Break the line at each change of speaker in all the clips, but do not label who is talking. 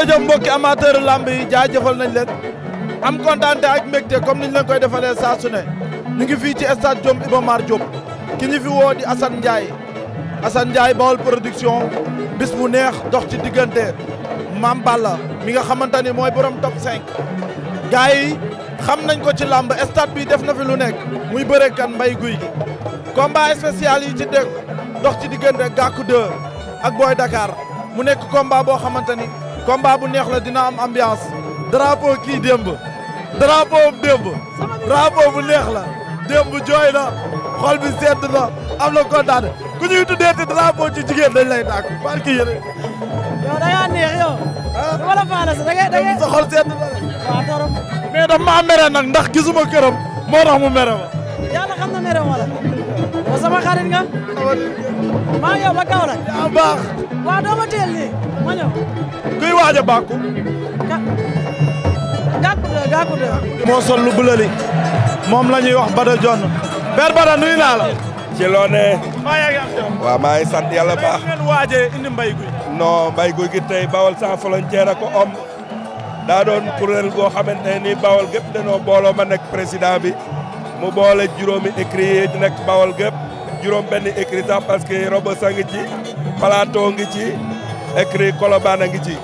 jërëjëf mbokki amateur làmb yi jaajëfal nañ leen am kontaan ak mbégte comme niñ leen koy defalee saa su ne ñu ngi fii ci stade Diop Iba Mar Diop ki ñu fi woo di Assane Ndiaye Assane Ndiaye Baol production bis bu neex dox ci diggante Mame Balla mi nga xamante ni mooy borom top 5 gars yi xam nañ ko ci làmb stade bi def na fi lu nekk muy bëre kan mbay guy gi combat spécial yi ci dëkk dox ci diggante Gakou 2 ak Boy Dakar mu nekk combat boo xamante ni combat bu neex la dina am ambiance drapeau kii démb drapeau démb drapeau bu neex la démb jooy na xol bi sedd na am na kontaan ku ñuy tuddee te drapeau ci jigéen dañ lay tàkk barki yéen yow da ngaa neex da ngay da ngay sa xol sedd na waaw mais daf maa mere nag ndax gisuma këram moo tax mu mere ma yàlla xam na mere ma yow sama xarit nga. maa ma teel moo sol lu bulali moom la ñuy wax Bada Jonn. Bada nuyu naa ci loo ne. maa yaa ngi am
jàmm. waaw sant yàlla baax. ngeen waajee indi mbay guy. non mbay guy gi tey Bawol sans frontière a ko om. daa doon kuréel goo xamante ne nii Bawol gépp danoo booloo ma nekk président bi. mu boole juróomi écrit yi nekk Bawol gépp juróom benn écrit sax parce que Robosa ngi ci Plateau ngi ci écrit Colobane a ngi ci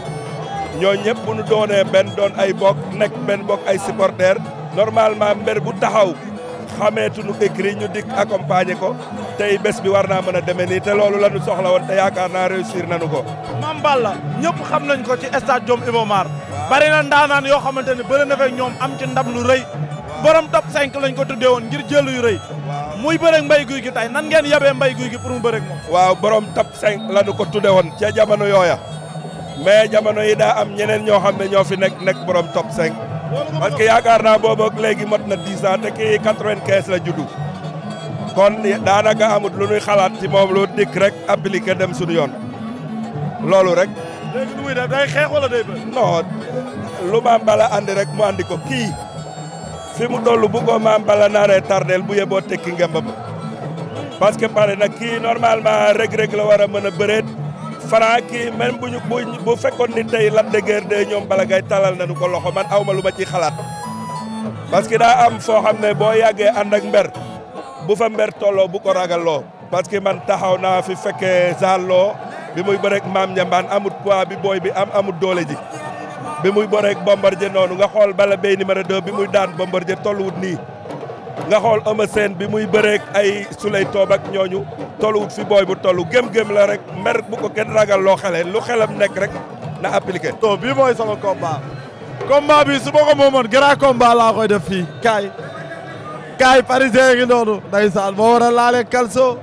ñoo ñëpp bu ñu doonee benn doon ay bokk nekk benn bokk ay supporters normalement mber bu taxaw xameetunu écrit ñu dikk accompagner ko tey bés bi war naa mën a demee nii te loolu la ñu soxla woon te yaakaar naa réussir nañu ko. Mame Balla ñëpp xam nañ ko ci stade Diop Iba Mar bari
na yoo xamante ne bëri na fekk ñoom am ci ndam lu rëy borom top 5 lañ ko tuddee woon ngir
jël yu rëy. muy bëreeg mbay guy gi tey nan ngeen yabee mbay guy gi pour mu bëreeg moom. waaw borom tap 5 la ko tudde woon ca jamono yooya mais jamono yi daa am ñeneen ñoo xam ne ñoo fi nekk nekk borom top 5. parce que yaakaar naa boobu léegi mot na 10 ans te kii 95 la juddu. kon daanaka amut lu nuy xalaat ci moom lu dikk rek appliqué dem suñu yoon loolu rek. léegi nu muy def day xeex wala day bëri. non lu ma mbala andi rek mu andi ko kii. fi mu toll bu ko maam bala naaree tardel bu yeboo tekki ngembam parce que pare nag kii normalement Reug Reug la war a mën a bëreet Franc kii même bu ñu bu fekkoon ni tey Lac de Guiers ñoom bala ngay talal nañu ko loxo man aw ma lu ma ci xalaat parce que daa am foo xam ne boo yàggee ànd ak mber bu fa mber tolloo bu ko ragaloo parce que man taxaw naa fi fekkee zalloo bi muy bërek maam njambaan amut poids bi booy bi am amut doole ji bi muy boreeg Bombardier noonu nga xool bala Gaye numéro 2 bi muy daan Bombardier tolluwut nii nga xool Eumeu Sène bi muy bëreeg ay Souley Toob ak ñooñu tolluwut fi booy bu toll gëm-gëm la rek mer bu ko kenn ragal loo xale lu xelam nekk rek na appliqué. to bii mooy sama combat. combat bi su ma ko moomoon grand combat laa koy def fii kaay kaay parisien
ngi noonu ndeysaan moo war a laale Calcio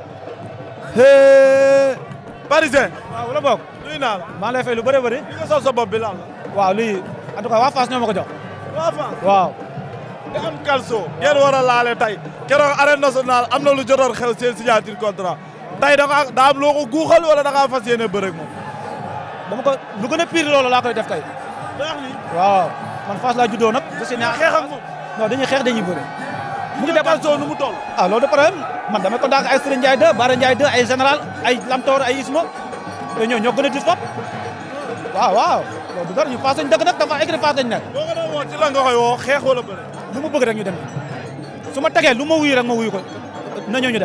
parisien. waaw wala boog. nuyu naa la. maa lu bëri bëri. li nga sa bopp bi laal waaw lii en tout cas waa Fass ñoo jox. waa Fass waaw. da am calcio. war a laale tey keroog arène nationale am na lu jotoon xew seen signature contrat tey da nga daa loo ko guuxal wala da ngaa fas yéene bëre ak moom. ko lu gën a pire loolu laa koy def tey.
waaw man Fass laa juddoo nag. je suis né xeex ak moom. non dañuy xeex dañuy bëre. mu ngi dépensé nu mu toll. ah loolu de problème man dama ko dàq ay ay général ay Lamtoor ay Isma te ñoo ñoo gën a diis fop waaw waaw. loolu du dara ñu Fass lañ dëkk nag dafa écrit Fass lañ nekk. boo ko woo ci lan nga woo xeex wala lu mu bëgg rek ñu dem su ma tegee lu ma wuyu
rek ma wuyu ko nañoo ñu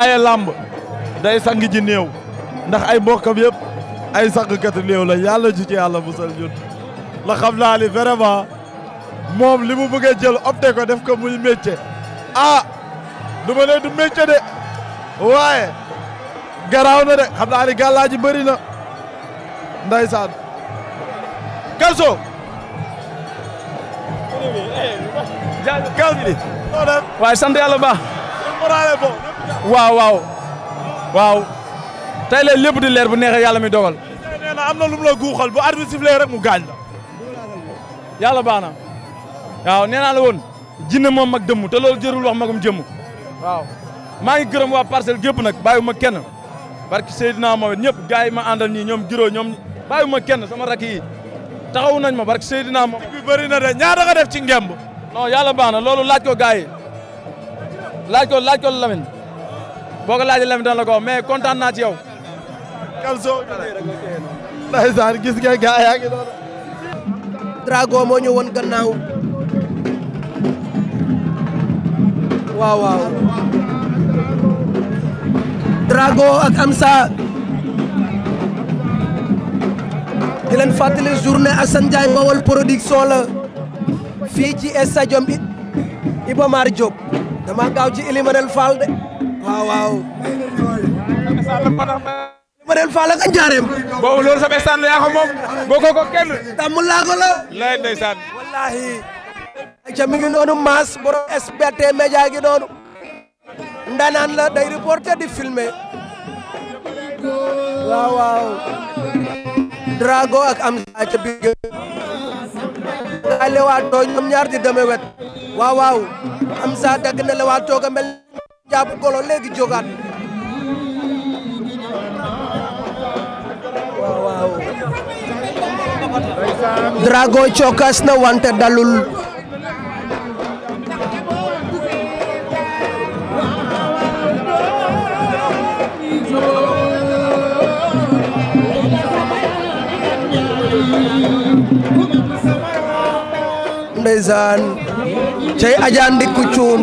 ay làmb day sang ji néew ndax ay mbokkam yëpp ay sangkat néew la yàlla ju ci yàlla musal ñun la xam naa ni vraiment moom li mu bëggee jël opté ko def ko muy métier ah du ma ne du métier de waaye garaaw na de xam naa ni gàllaa ji bëri na. ndeysaan Kalso Kalso waaye sant yàlla baax waaw waaw waaw tey lépp di leer bu neexee yàlla mi dogal na am na lu mu la guuxal bu arbitre sifflé rek mu gaañ la yàlla baax na waaw nee naa la woon jinne moom mag dëmm te loolu jërul wax magum jëmm maa ngi gërëm waa parcelle gépp nag ma kenn barki Seydina Mohamed ñëpp gars yi ma àndal ñii ñoom giroo ñoom bàyyiwuma kenn sama rakk yi taxawu nañ ma barki Seydina Mohamed bi bëri na de ñaata nga def ci ngemb non yàlla baax na loolu laaj ko gars yi laaj ko laaj ko Lamine boo ko laajee la ko wax mais kontaan naa ci yow Kalso ndeysaan gis nga gars
woon gannaaw Rago ak Amsa di leen fàttali journée Assane Ndiaye Baol production la fii ci stadium Iba Mar Diop dama gaaw ci Elimanel Fall de waaw waaw Elimanel Fall ak njaareem boobu loolu sama stand yaa ko moom ko ko kenn tàmm laa la lay ndeysaan wallahi ca mi maas borom SBT média gi noonu ndanaan la day di filmer waaw waaw Drago ak Amza ca biir gaa lewaatoo ñoom ñaar di deme wet waaw waaw Amza dagg na lewaatoo ga mel jaabu golo léegi jógaat waaw waaw cokkaas na wante dalul ndeysaan cey ajaa ndikku cuun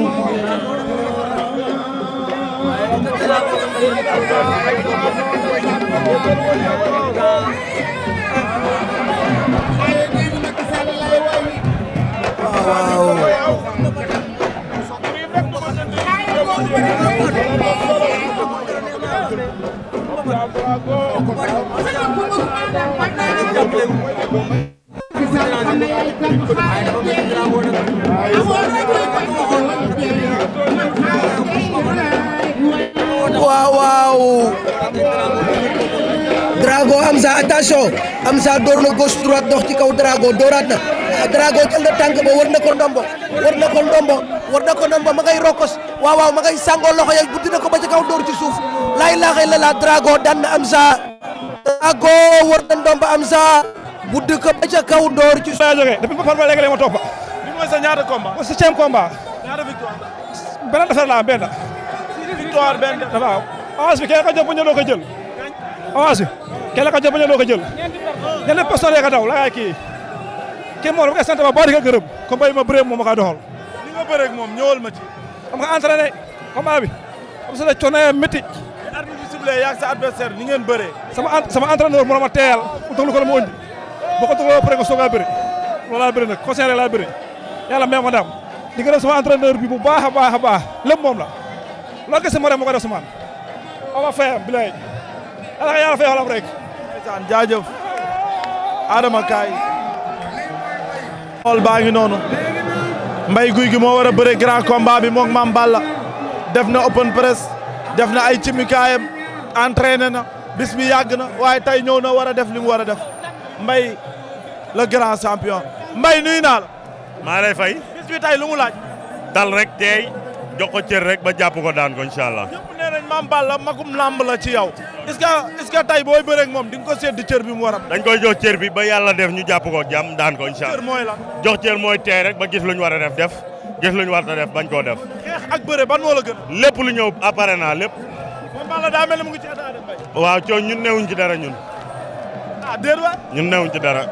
waaw waaw Drago Amza attention Amza door na gauche droite dox ci kaw Drago dooraat na Drago jël na tànk ba war na ko ndombo war na ko ndombo war rokos waaw waaw ma ngay loxo ya buddi na ko ba ci kaw door ci suuf laa ilaaha illa la Drago daan na Amza war na ndombo Amza bu dëkk ba ca kaw
door ci. laa jógee depuis par ba léegi la ma topp. bi mooy sa ñaata combat. mooy septième combat. ñaata victoire. benn bi kenn ka jël bu ñu ko jël. avance bi kenn ka jël bu ñu doo jël.
ñenn personnes ka daw
la kaay kii. kii moo doon sant ma boo di ko gërëm. comme bay ma bëree moom ma ka doxal. li nga bëree ak moom ñëwal ma ci. xam nga entraîné combat bi. comme ça la coono yee métti. arbitre bi ngeen bëree. sama sama entraîneur moo ma teyal mu toog lu ko la boo ko toxaloo pare ko soogaa bëri loolaa bëri nag conseil rek laa bëri yàlla may ma ndam di gërëm sama entraîneur bi bu baax a baax a baax lépp la loo gis sama rek ma ko def sama ama fayam bilaay yàlla yàlla fay xolam rek ndeysaan jaajëf Adama Kaay
xool baa ngi noonu mbay guy gi moo war a bëre grand combat bi moog maam Balla def na open press def na ay cimikaayam entraîné na bis bi na waaye tey ñëw na war a def li mu war a def mbay la grand champion
mbay nuyu naa la. maa lay fay. bis lu mu laaj. dal rek tey jox ko cër rek ba jàpp ko daan ko incha allah. ñëpp nee nañ maam Balla magum làmb la ci yow. est ce que est ce tey booy bëreeg moom di nga ko sédd cër bi mu war a. dañ koy jox cër bi ba yàlla def ñu jàpp ko jàmm daan ko incha mooy la jox cër mooy tey rek ba gis lu ñu war a def def gis lu ñu def bañ koo def. ak bëre ban moo la gën. lépp lu ñëw appareil naa lépp.
moom Balla daa mel ni mu ngi ci
waaw coono ñun newuñ ci dara ñun ah déet waay. ñun newuñ ci dara.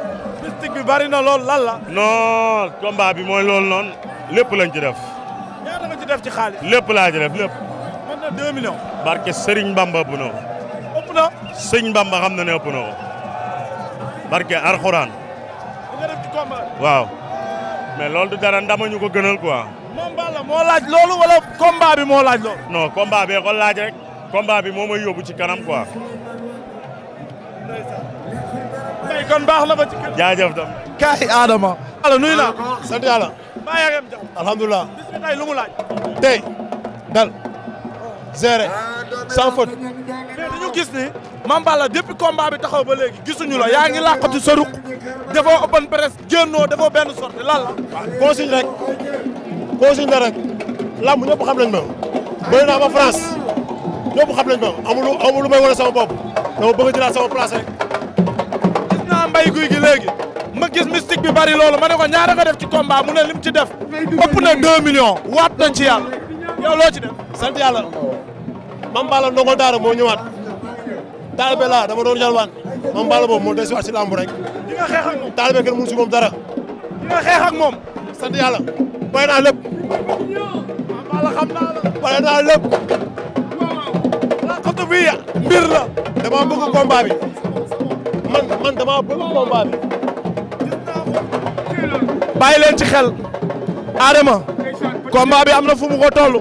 mystique bi bari na lool lan la.
non combat bi mooy lool noonu. lépp lañ ci def. ñaata nga ci def ci xaalis. lépp laa ci def lépp. mën na 2 millions. barke Serigne Bamba ëpp na. ëpp Bamba xam na ne ëpp na ko. barke Arxuraan. li waaw. mais loolu dara ndamañu ko gënal quoi. moom moo laaj loolu wala combat bi moo laaj loolu. non combat bee ko laaj rek. combat bi moo may yóbbu ci kanam quoi. tey kon baax la ba ci kër. jaajëf dam
kaay Adama. naa. sant yàlla. mbaa yaa ngi tey lu mu laaj. tey dal. gis ni. Mame Balla depuis combat bi taxaw ba léegi gisuñu la yaa ngi làqati sa ruq. dafoo open press génnoo dafoo benn sorte lan la. waaw consigne rek consigne la rek lamb ñëpp xam nañ ma. bëri France ñëpp xam nañ ma lu may wane sama bopp dama bëgg a jëlaat sama mbay guy gi ma gis mystique bi bari loolu ma ne ko ñaata nga def ci combat mu ne lim ci def ëpp na 2 millions waat na ci
yàlla yow loo ci def sant yàlla mam bala ndongo daara moo ñëwaat taalibe laa dama doon jalwaan mam bala boobu moo desiwaat si làmb rek di nga xeex ak moom taalibe kenn mënu
si moom dara ak moom sant yàlla bay naa lépp mam bala xam naa dama bëgg combat bi man dama leen ci xel. Adama. combat bi am na fu mu ko toll.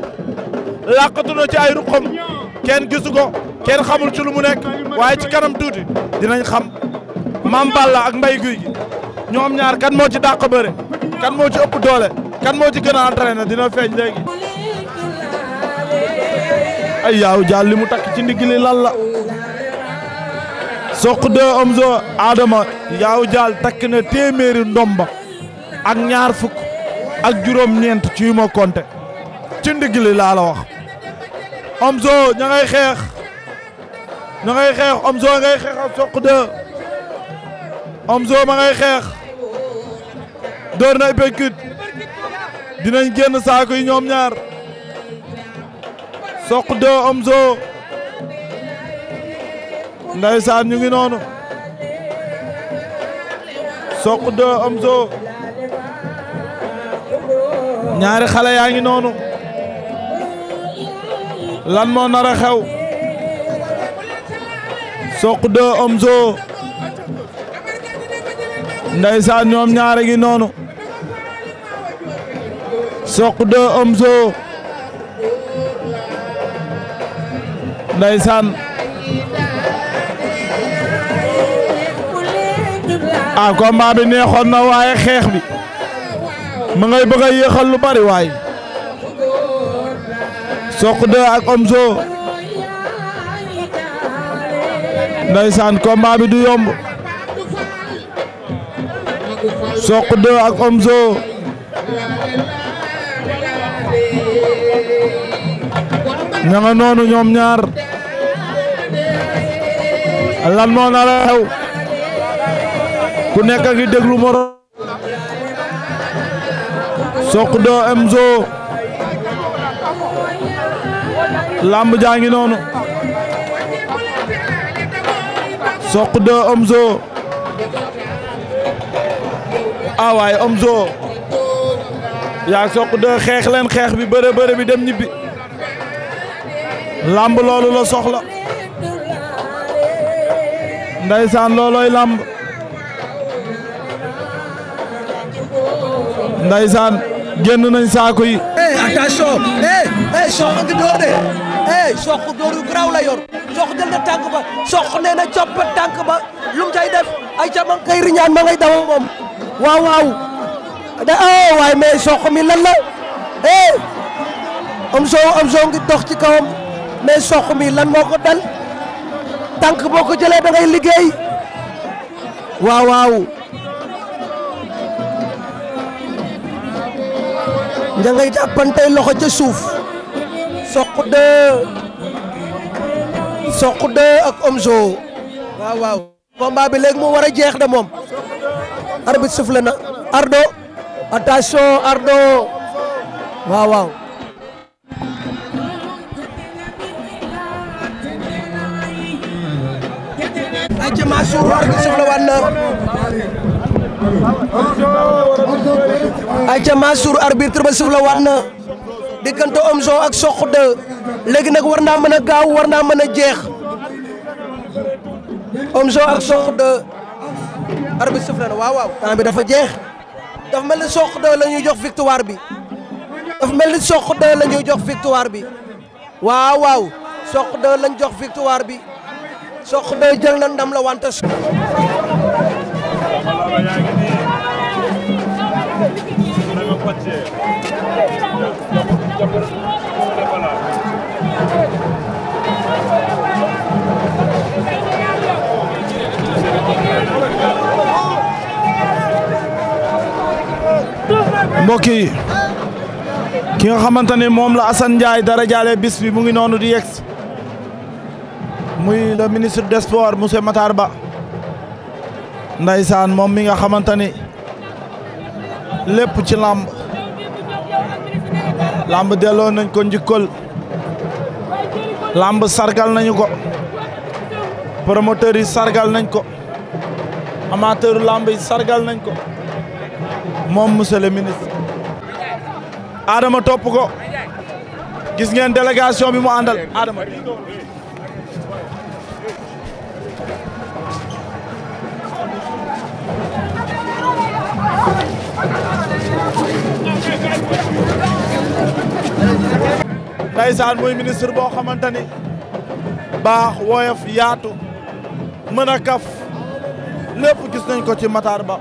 làqatu na ci ay ruqam. kenn gisu ko. kenn xamul ci lu mu nekk waaye ci kanam tuuti dinañ xam Mame Balla ak Mbaye Gouy ñoom ñaar kan moo ci dàq bëre kan moo ci ëpp doole kan moo ci gën a entraîné dina feeñ léegi ay yaaw jaal li mu takk ci ndigg li Sokh 2 Omzo Adama Yawou Dial takk na téeméeri ndomba ak ñaar fukk ak juróom-ñeent ci yu ma ci ndigg li laa wax Omzo ña xeex ña xeex Omzo ngay xeex ak Sokh 2 Omzo xeex door na ipekut dinañ génn saako yi ñoom ñaar Sokh 2 Omzo Ndeysaan ñu ngi noonu Sokh 2 Omzo ñaari xale yaa ngi noonu lan moo nar a xew Sokh 2 Omzo Ndeysaan ñoom ñaari gi noonu Sokh 2 Omzo Ndeysaan ah combat bi neexoon na waaye xeex bi ma ngay bëgg a yéexal lu bari waay Sokh 2 ak Omzo ndeysaan combat bi du yomb Sokh 2 ak Omzo ña nga ñoom ñaar lan moo nar a ku nekk a ngi déglu moro Sokh do Emzo lamb jaa ngi noonu Sokh do Emzo ah waay Emzo yaa Sokh do xeex leen xeex bi bëre bëre bi dem ñibbi lamb loolu la soxla ndeysaan loolooy lamb Ndeysaan génn nañ saako yi.
sox nga door de sox door yu garaaw la yor sox jël na tànk ba sox nee na coppat tànk ba lu mu def ay ca kay riñaan ma ngay daw moom waaw waaw da oh waaye mais sox mi lan la eh am soo am soo ngi dox ci kawam mais sox mi lan moo ko dal tànk boo ko jëlee da liggéey waaw waaw. ña ngay jàppantey loxo ca suuf soq de soq de ak Omzo waaw waaw combat bi léegi mu war a jeex de moom arbitre soufflé na Ardo attention Ardo waaw waaw
ay ci Mansour arbitre soufflé waat na
ayca Mansour arbitre ba suuf la waat na diggante ak Sokh 2 léegi nag war naa mën a gaaw war naa mën a jeex Omzo ak Sokh 2 arbitre suuf la na waaw waaw temps bi dafa jeex dafa mel ni Sokh 2 la jox victoire bi mel ni Sokh 2 la ñuy jox victoire bi waaw waaw Sokh 2 lañ jox victoire bi Sokh 2 jël na ndam la wante Balaba
ki nga xamante ne moom la Assane Ndiaye dara jaale bis bi mu ngi noonu di yegg muy le ministre des sports monsieur Ba ndaysaan moom mi nga xamante ni lépp ci làmb làmb delloo nañ ko njikkal làmb sargal nañu ko promoteur yi sargal nañ ko amateur làmb yi sargal nañ ko moom monsieur le ministre Adama topp ko gis ngeen délégation bi mu àndal Adama ndaysaan muy ministre xamante baax woyof yaatu mën a nañ ko ci Matar Ba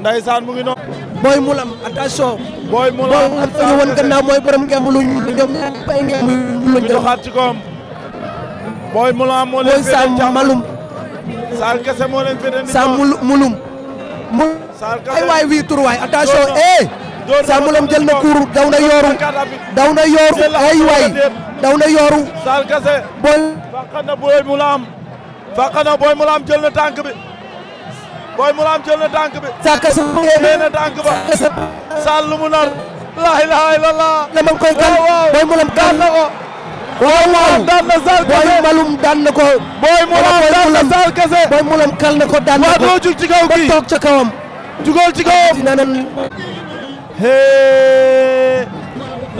ndaysaan mu ngi noonu. booy mulam attention. booy mulam booy mulam woon gannaaw mooy borom ngemb lu ñu ñoom bay ngemb lu ñu doxaat ci koom. booy mulam moo leen. féetee càmm malum. saal kese moo leen féetee. saal mulum mulum. mu ay waay wii tur waay attention Sambulam jël na kuur daw na yooru daw na yooru ay waay daw na yooru Saal Kassé booy fàq na booy Mulaam jël na tànk bi booy Mulaam Saal Kassé nar la ilaha illallah dama koy kan
booy Mulaam daan ko waaw waaw Malum daan ko booy Mulaam daan na Saal ko daan na ko ba toog ca kawam
jugal ci kawam hee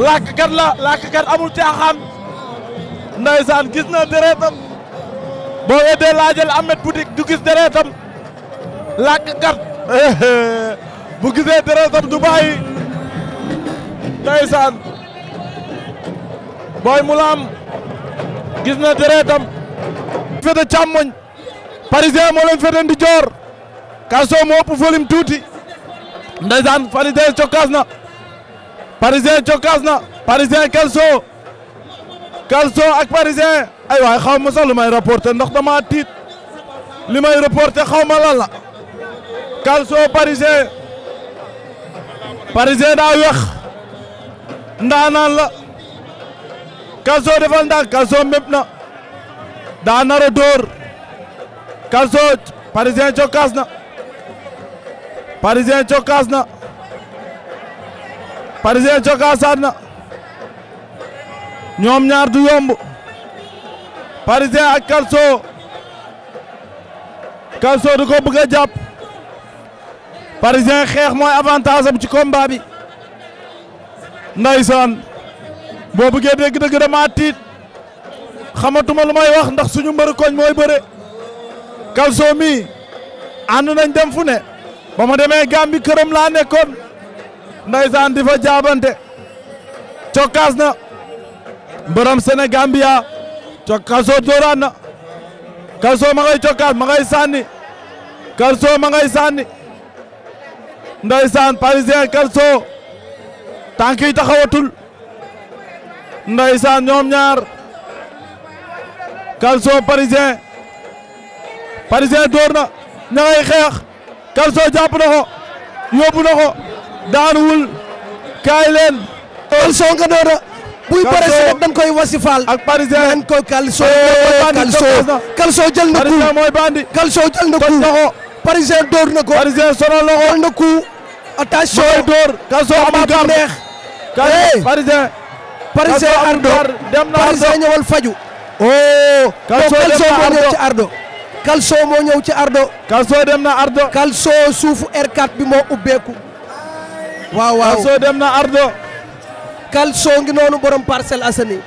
làkkat la làkkat amul caaxaan ndaysaan gis na deretam boo weddee laajal Ahmed Boutique du gis deretam làkkat bu gisee deretam du bàyyi ndaysaan booy mulaam gis na deretam fete càmmoñ parisien moo leen fete ndi joor kaso moo ëpp tuuti ndeysaan parisien cokkaas na parisien cokkaas na parisien Calcio Calcio ak parisien ay waay xaw ma sax li may reporté ndax tiit li may reporté xaw ma lan la daa wex ndaanaan la Calcio defal ndànk Calcio mépp na daa nar a dóor Calcio cokkaas na parisien cokkaas na parisien cokkaasaat na ñoom ñaar du yomb parisien ak Calcio Calcio du ko bëgg a jàpp parisien xeex mooy avantage am ci combat bi ndaysaan boo buggee dégg dëgg dama tiit xamatuma lu may wax ndax suñu mbër koñ mooy bëre Calcio mi ànd nañ dem fu ne ba ma demee Gàmbi këram laa nekkoon ndaysaan di fa jaabante cokkaas na mbëram Sénégambia cokkasoo dóoraan na kalsoo ma cokkaas ma ngay sànni kalsoo ma ngay sànni ndaysaan parisien kalsoo tànk yi taxawatul ndaysaan ñoom ñaar kalsoo parisien parisien dóor na ña xeex Kalso jàpp na ko yóbbu na ko daanuwul kaay nga doon
buy pare si koy wasifaal. ak parisien dañ koy Kalso. Eh, Kalso na ku. parisien mooy bandi. Kalso jël na ku. parisien door na ko. parisien na ko. na ku. attention mooy door. Kalso amul gàmm neex. Kalso eh. parisien. parisien ardo. dem na ardo parisien ñëwal faju. oh. Kalso dem na ardo. Calcio moo ñëw ci Ardo. Calcio dem na Ardo. Calcio suufu r bi moo ubbeeku. waaw waaw Calcio dem na Ardo. Calcio ngi noonu
borom Parcelles Assainies.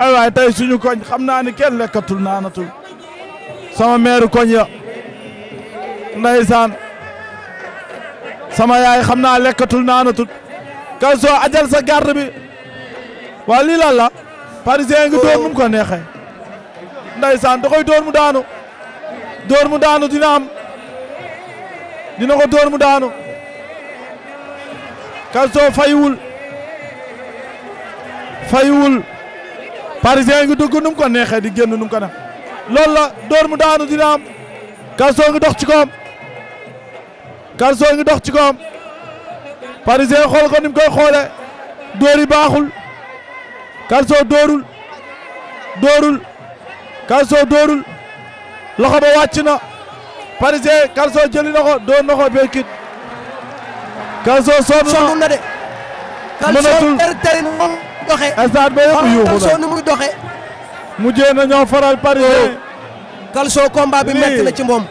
ay waay tey suñu koñ xam naa ni kenn lekkatul naanatul sama meeru koñ ya ndeysaan sama yaay xam naa lekkatul naanatul Calcio ajal sa garde bi waa lii lan la parisien mu ko neexee ndeysaan da koy dóor mu daanu dóor mu daanu dina am dina ko dóor mu daanu Calcio faywul faywul parisien ngi dugg nu mu ko neexee di génn nu mu ko door loolu la dóor mu daanu dina am Calcio ngi dox ci koom Calcio ngi dox ci koom parisien koy xoolee dóor yi baaxul Calcio dóorul dóorul Calcio dóorul loxo ba wàcc na Parisien Calcio jëli na ko dóor na ko Bekit Calcio sonn na sonn na de mënatul ba yëpp yuuxu na ni muy ñoo faral
Parisien Calcio oh. combat bi metti na ci moom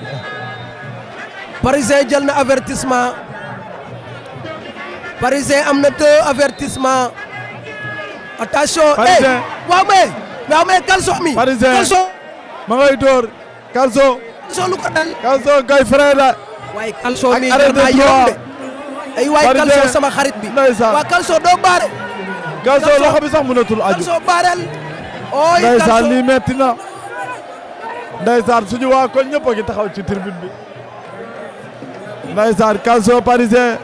Parisien jël avertissement Parisien am na deux avertissement attention eh waaw mais waaw mais Calcio mi. ma ngay door Calcio. Calcio lu ko dal. Calcio waaye Calcio mi vraiment sama xarit bi. waa Calcio doo baare. Calcio loxo bi sax
mënatul aju. Calcio
baareel. ooy Calcio
na. ndeysaan suñu waa koñ ñëpp a ngi taxaw ci tribune bi. ndeysaan Calcio parisien.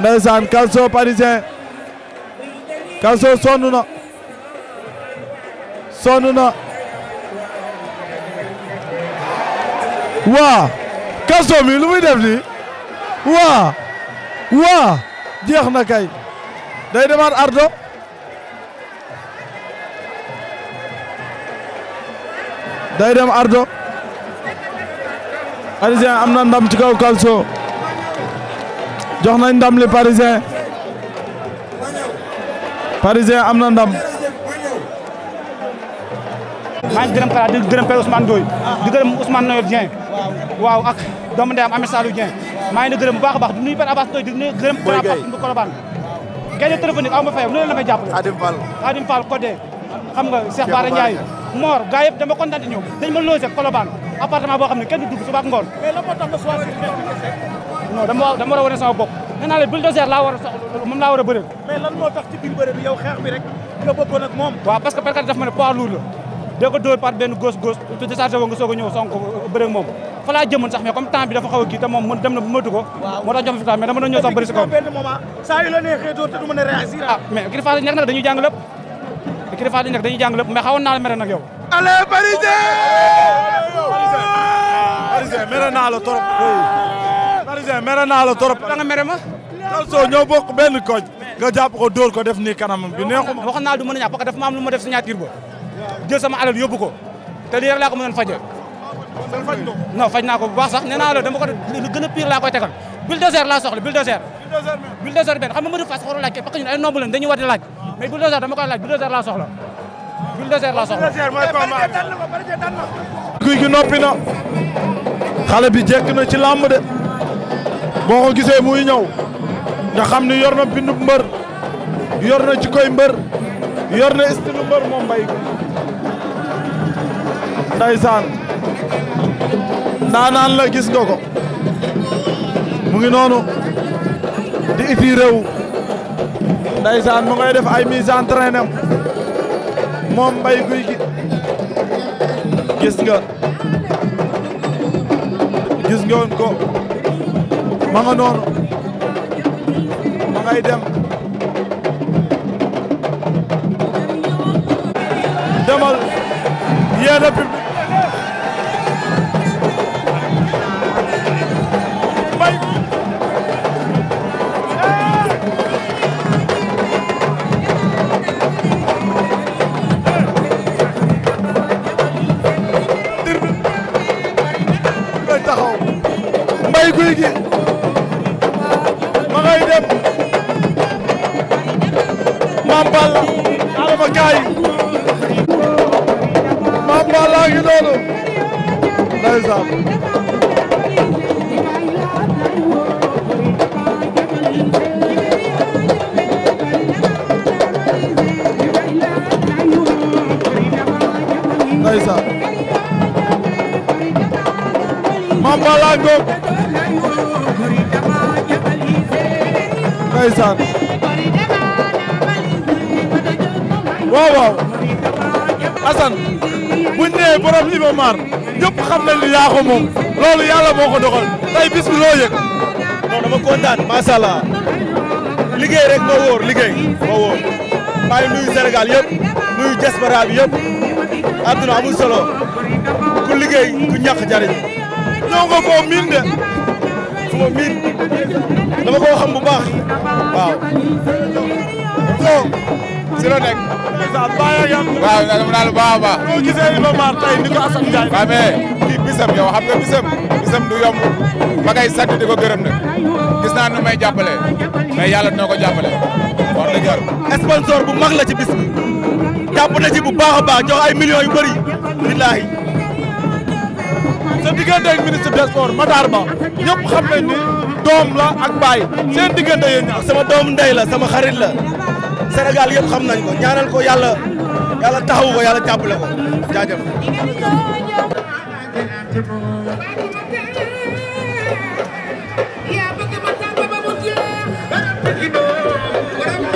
ndeysaan Calcio Kalso sonn na sonn na waa Kalso mi lu muy def nii waa waa jeex na kay day demaat ardo day dem ardo parisien am na ndam ci kaw Kalso jox na ndam li parisien Parisien am na ndam.
maa ngi gërëm xalaat di gërëm Père Ousmane Ndoye di gërëm Ousmane Noël Dieng waaw ak doomu ndeyam Ameth Saliou Dieng maa ngi leen di gërëm bu baax baax di nuyu Père Abbas Ndoye di nuyu gërëm Père Abbas bu Colobane kenn téléphonique aw ma fay loolu la may jàppale Khadim Fall Khadim Fall Codé xam nga Cheikh Bara Ndiaye Mor gars yëpp dama kontaan ñoom dañ ma logé Colobane ne kenn du dugg suba ak ngoon non dama dama war a bopp nee naa leen bulldozer laa war moom laa war a bëreel. mais lan moo tax ci biir bëre xeex bi rek nga bëggoon ak moom. waaw parce que perkat daf ma ne poids lourd la dee ko dóor par benn gauche gauche te déchargé woo nga soog ñëw sonk euh, bëre moom fa laa jëmoon sax mais comme temps bi dafa xaw kii te moom mën dem na bu matu moo tax jox fi temps mais dama doon ñëw sax bëri si kaw benn moment saa yu nekk ah, nag dañuy jàng lépp kilifa yi nekk dañuy jàng lépp naa la
mere nag yow Parisien mere naa la trop. da nga mere ma. Calcio ñoo bokk benn
koñ. nga jàpp ko dóor ko def nii kanamam bi neexuma. waxoon naa du mën a ñàkk parce que dafa ma am lu ma def signature ba. jël sama alal yóbbu ko. te lii rek laa ko mënoon fajee. seen faj nga ko. non faj naa ko bu baax sax nee naa la dama ko lu gën a pire laa koy tegal. bulldozer laa soxla bulldozer. bulldozer benn bulldozer benn xam nga mënu fas warul laaj parce que ñun ay nomb lañ dañuy war di laaj. mais bulldozer dama koy laaj bulldozer laa soxla. bulldozer laa
soxla. Eh, guy gi noppi na xale bi jekk na ci làmb de boo ko gisee mu ñëw nga xam ni yor na bindu mbër yor na ci koy mbër yor na style mbër moom mbay ndaysaan ndaanaan la gis nga ko mu ngi noonu di iti réew ndaysaan mu ngay def ay mise en moom mbay guy gi gis nga gis nga woon ko ma nga noonu ma ngay dem demal yéen a ndeysaan waaw waaw buñ nee borom Iba Mar ñëpp xam yaa ko moom loolu yàlla moo ko dogal tey bis bi loo yëg liggéey rek moo liggéey moo wóor maa ngi nuyu Sénégal yëpp nuyu diaspora bi yëpp adduna ku liggéey ku ñàkk jariñ ñoo nga ko de ma miin dama bu baax waaw. soo si la nekk. ndeysaan bàyyi ak yàlla. waaw dama daal bu baax a baax. ñoo gisee Iba Mar ni ko Assane Ndiaye. waaw mais kii bisam yow xam nga bisam bisam du yomb ma ngay sant di ko gërëm nag gis naa nu may jàppale mais yàlla dina ko jàppale wax dëgg yàlla. bu mag la ci bis bi jàpp na ci bu baax a baax jox ay millions yu bëri billaahi. sa diggante ak ministre des sports Matar Ba ñëpp xam nañ ni doom la ak baay seen diggante yéen ñaar. sama doomu ndey la sama xarit la senegal yëpp xam nañ ko ñaanal ko yàlla yàlla taxawu ko yàlla jàppale ko jaajëf.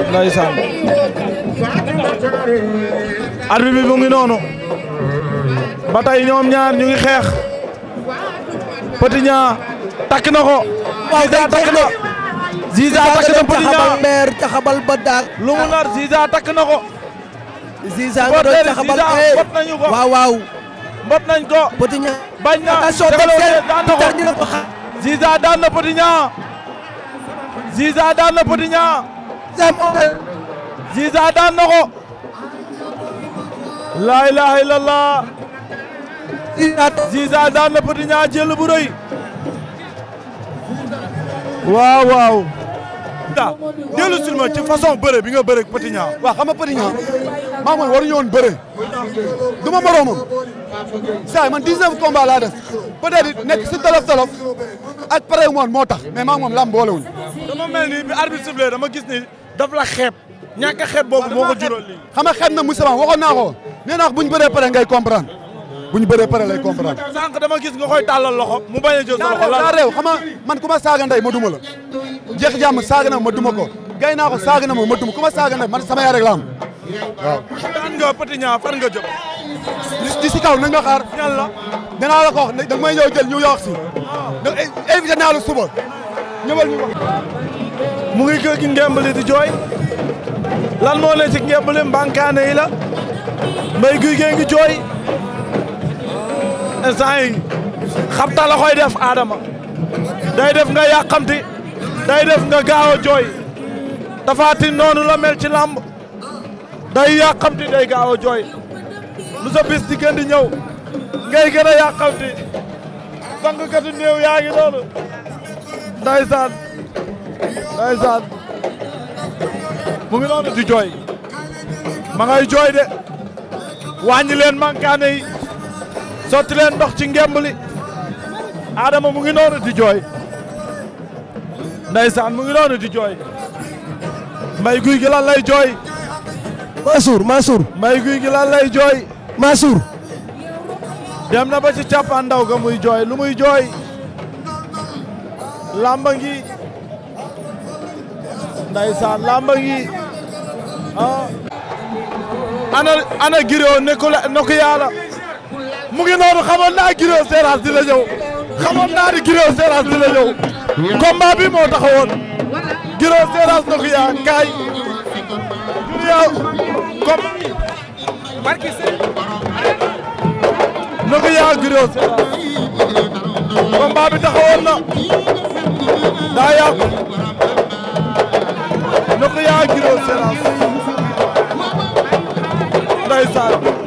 ndeysaan arbitre mu ngi noonu ba tey ñoom ñaar ñu ngi xeex Petit takk na ko. Ziza takk na
Ziza takk na Petit
ba daal. lu nar Ziza takk na ko. Ziza eh. nañ ko. Petit Niang bañ na daan na ko Ziza daan na Petit Niang. Ziza daan na Petit Niang. Ziza daan na ko. la ilaha Ziza daan na Petit Niang jël bu rëy waaw waaw
da dellu sul ma
ci façon bëre bi nga bëre ak Petit Niang waaw xam nga Petit Niang maa man waruñu woon bëre
du ma moroomam saa man 19 combat laa def peut-être nekk si tolof tolof
ak pare moon moo tax mais maa moom lam boolewuñu dama mel ni bi arbitre sifflé dama gis ni daf la xeeb ñàkk a xeeb boobu moo ko jural lii xam nga xeeb na Moussa waxoon naa ko nee naa buñ bëree pare ngay comprendre bu ñu bëree pare lay comprendre. sànq dama gis nga koy tàllal loxo mu bañ a jël sa loxo. daa réew xam nga man ku ma saaga ndey ma duma la. jeex jàmm saaga na ma duma ko gay naa ko saaga na ma ma duma ku ma saaga ndey man sama yaay rek la am waaw. daan nga Petit Niang fan nga si kaw na nga xaar. yàlla danaa la ko wax da nga may ñëw jël ñu yokk si. Ah. donc eh, invité naa la suba ñëwal ñu wax. mu ngi kër gi ngembali di jooy lan moo ne ci ngembali mbànkaane jooy. instant yi xabta la koy def Adama day def nga yàqamti day def nga gaaw a jooy Tapha Tine noonu la ci làmb day yàqamti day gaaw a jooy lu sa bis di di ñëw ngay gën a yàqamti sànqkatu néew yaa ngi noonu ndaysaan ndaysaan mu ngi noonu di ma ngay jooy de wàññi leen mankaane sotti leen ndox ci ngemb li Adama mu ngi noonu di jooy ndeysaan mu ngi noonu di jooy Mbaye Gouye Gui lan lay jooy Mansour Mansour Mbaye Gouye lan lay jooy Mansour dem na ba ci càppaandaw ga muy jooy lu muy jooy lamba ngi ndeysaan lamba ngi ah ana ana giroo ne ko mu ngi noonu xamoon naa Guiro Seras di la xamoon naa ni Guiro Seras di la ñëw moo taxawoon Guiro Seras Nokia kaay Guiro comme barki sëñ Nokia Guiro Seras combat bi taxawoon na daa yàqu Nokia Guiro Seras ndeysaan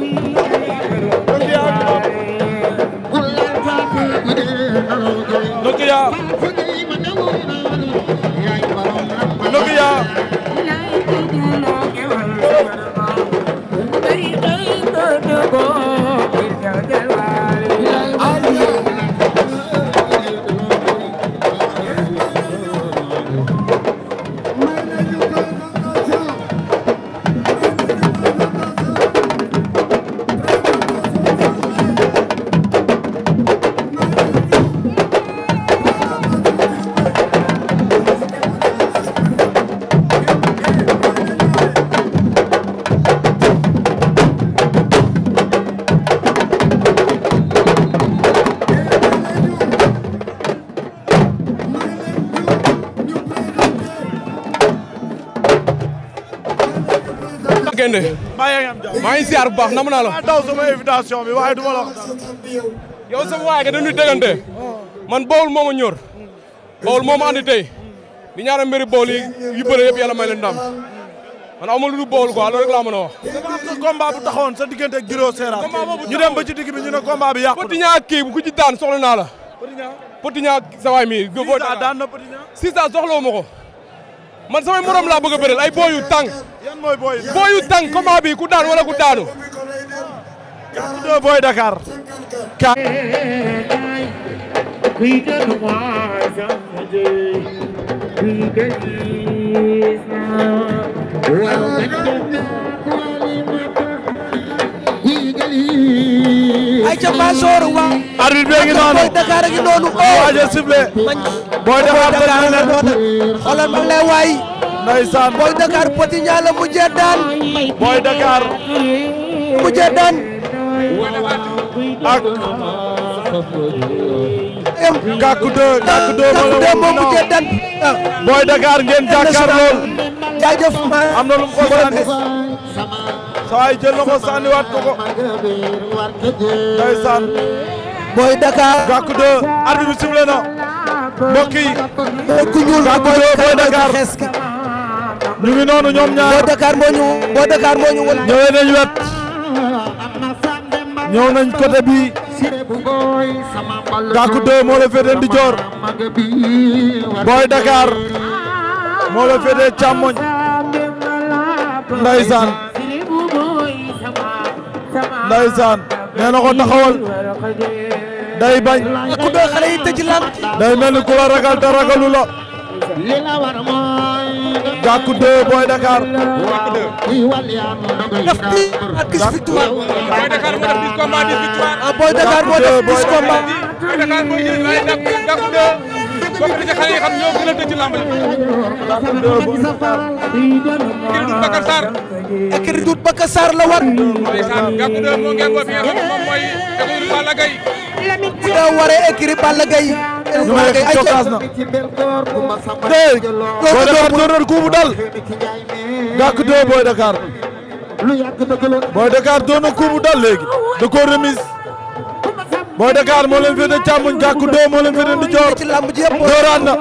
ngi siyaar bu baax nam naa la. maa daw sama invitation bi waaye du ma la wax. yow sama waay ga dañuy déggante man Bawol moo ma ñor Bawol moo ma andi tey di ñaanal mbiri Bawol yi yu bëre yëpp yàlla man aw ma lu dul Bawol quoi loolu a wax. dafa am sa combat bu taxawoon sa diggante ak Giro Seras ñu dem ba ci digg bi ñu ne combat bi yàqu. Petit Niang kii bu ku ci daan naa la. Petit Niang sa waay mi. Sisa daan na Petit Niang. Sisa soxlawu ma ko man laa bëgg a ay booyu tàng. mooy booy booyu tàng combat bi ku daan wala ku daanu. booy Dakar. ay ca Mansoor waa. arbitre bi ngi noonu booy Dakar a ngi noonu. Oh. waa je sifflé. booy Dakar xoolal ma lay waay. ndeysaan
Boy Dakar Petit Niang la mujjee daan
ak Gackou 2 Gackou 2 moo mujjee ngeen jàkkaar lool jaajëf am na lu mu ko sànni saa bi sifflé na mbokk yi ku ñuul Gackou 2 Boy ñu ngi noonu ñoom ñaar boo Dakar moo boo ñu won ñëwee nañ wet ñëw nañ côté bi
Gackou 2 moo la féetee ndijoor
booy Dakar moo la féetee càmmoñ ndaysaan ndaysaan nee na ko taxawal day bañ ku do xale yi ci lamb day mel ni ku la ragal la Gàkku 2 Boy Dakar. def kii ak gis victoire. Boy moo def 10 combats 10 victoire. ah Boy Dakar moo def 10 combats. Boy Dakar mooy yéen waaye Gàkku Gàkku 2 bokk na ci xale yi xam ñoo gën a tëj ci làmb kii Doudou Bakar Sarr. ak kii Doudou Bakar la war. Gàkku 2 moo ngeen
boo fi nga xam moom mooy Balla Gaye. daa waree écurie Balla Gaye ñu may cokkaas na
tey dóor na kuubu dal gàkk doo Boy Dakar Boy Dakar dóor na kuubu dal léegi da ko remise Boy Dakar moo leen féete càmmoñ gàkk doo moo leen féete ndijoor dóoraat na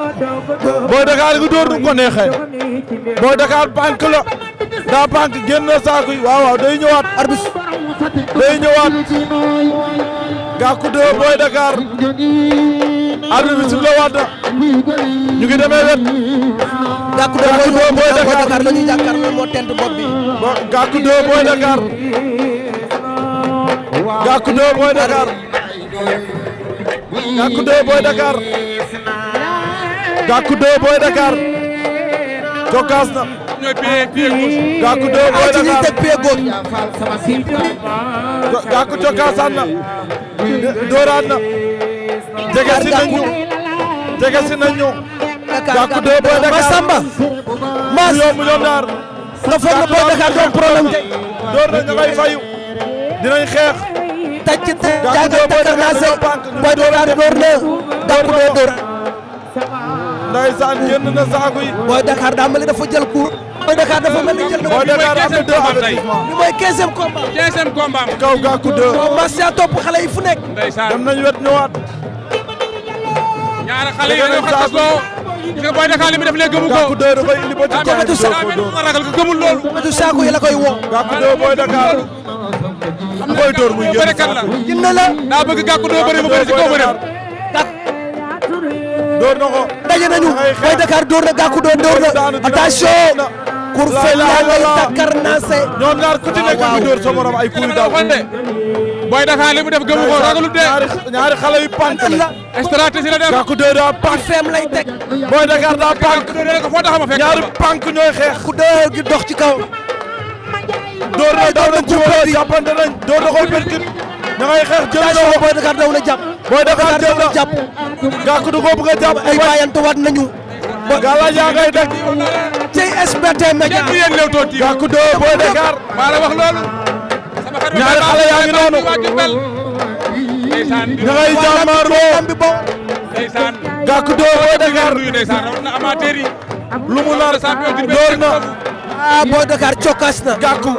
Boy Dakar gi dóor nu ko neexee Boy Dakar pànk la daa pànk génn na saako yi waaw waaw day ñëwaat arbis day ñëwaat gàkk doo Boy Dakar arbitre bi sifflé waat na ñu ngi demee wet. gàkku doo booy Dakar la ñuy jàkkaarloo moo tent bopp bi. gàkku doo booy Dakar. gàkku doo booy Dakar. gàkku doo booy Dakar. gàkku doo booy Dakar. jokkaas na. gàkku doo booy Dakar. gàkku jokkaasaat na. dóoraat na. jege si nañu jege si nañu. Gàkku dee Boy Dakar Massamba. Mass mu yomb ñoom ñaar. na foog na Boy Dakar doon problème tey. door na ñu lay fayu. dinañ xeex.
tàcc jaagal takkar naa se Boy Dakar door na Gàkku dee door. Ndeysaan génn na saako yi. Boy Dakar daa mel na. Boy Dakar am
mooy quinzième combat. kaw Gàkku dee. Mass yaa topp xale yi fu nekk. dem nañ wet ñëwaat. ñaari xale yi dañoo xas loo
gis nga booy Dakar li mu def léegi gëmu ko Gackou 2 da koy indi ba
ci kaw Gackou 2 nga ragal ko gëmul loolu la koy woo Gackou 2 booy Dakar booy dóor muy génn bërekat la gën na la daa bëgg Gackou 2 bëri mu bëri ci na ko daje nañu booy Dakar dóor na Gackou 2 dóor na attention kur fe yaa takkar naase ñoom ñaar ku ci nekk ah, muy dóor sa ay kuy daw Boy Dakar li mu def gëmu ko ragalu dee. ñaari xale yu pànk la. stratégie la def Gackou 2 daa pànk. feem lay teg. Boy Dakar daa pànk. ñaari pànk ñooy xeex. Gackou 2 gi dox ci kaw. door na daw na jiw jàppante nañ door na ko perkit. ña ngay xeex jël na ko Boy Dakar daw na jàpp. Boy Dakar jël na jàpp. Gackou du ko bëgg a jàpp. ay baayant waat nañu. gala yaa ngay dëkk. ci SBT Média. Gackou Boy Dakar. maa la wax loolu. ñaari xale yaa ngi noonu ña ngay jàmmaarloo gàkk door Boy Dakar lu mu nar door na ah Boy cokkas na gàkku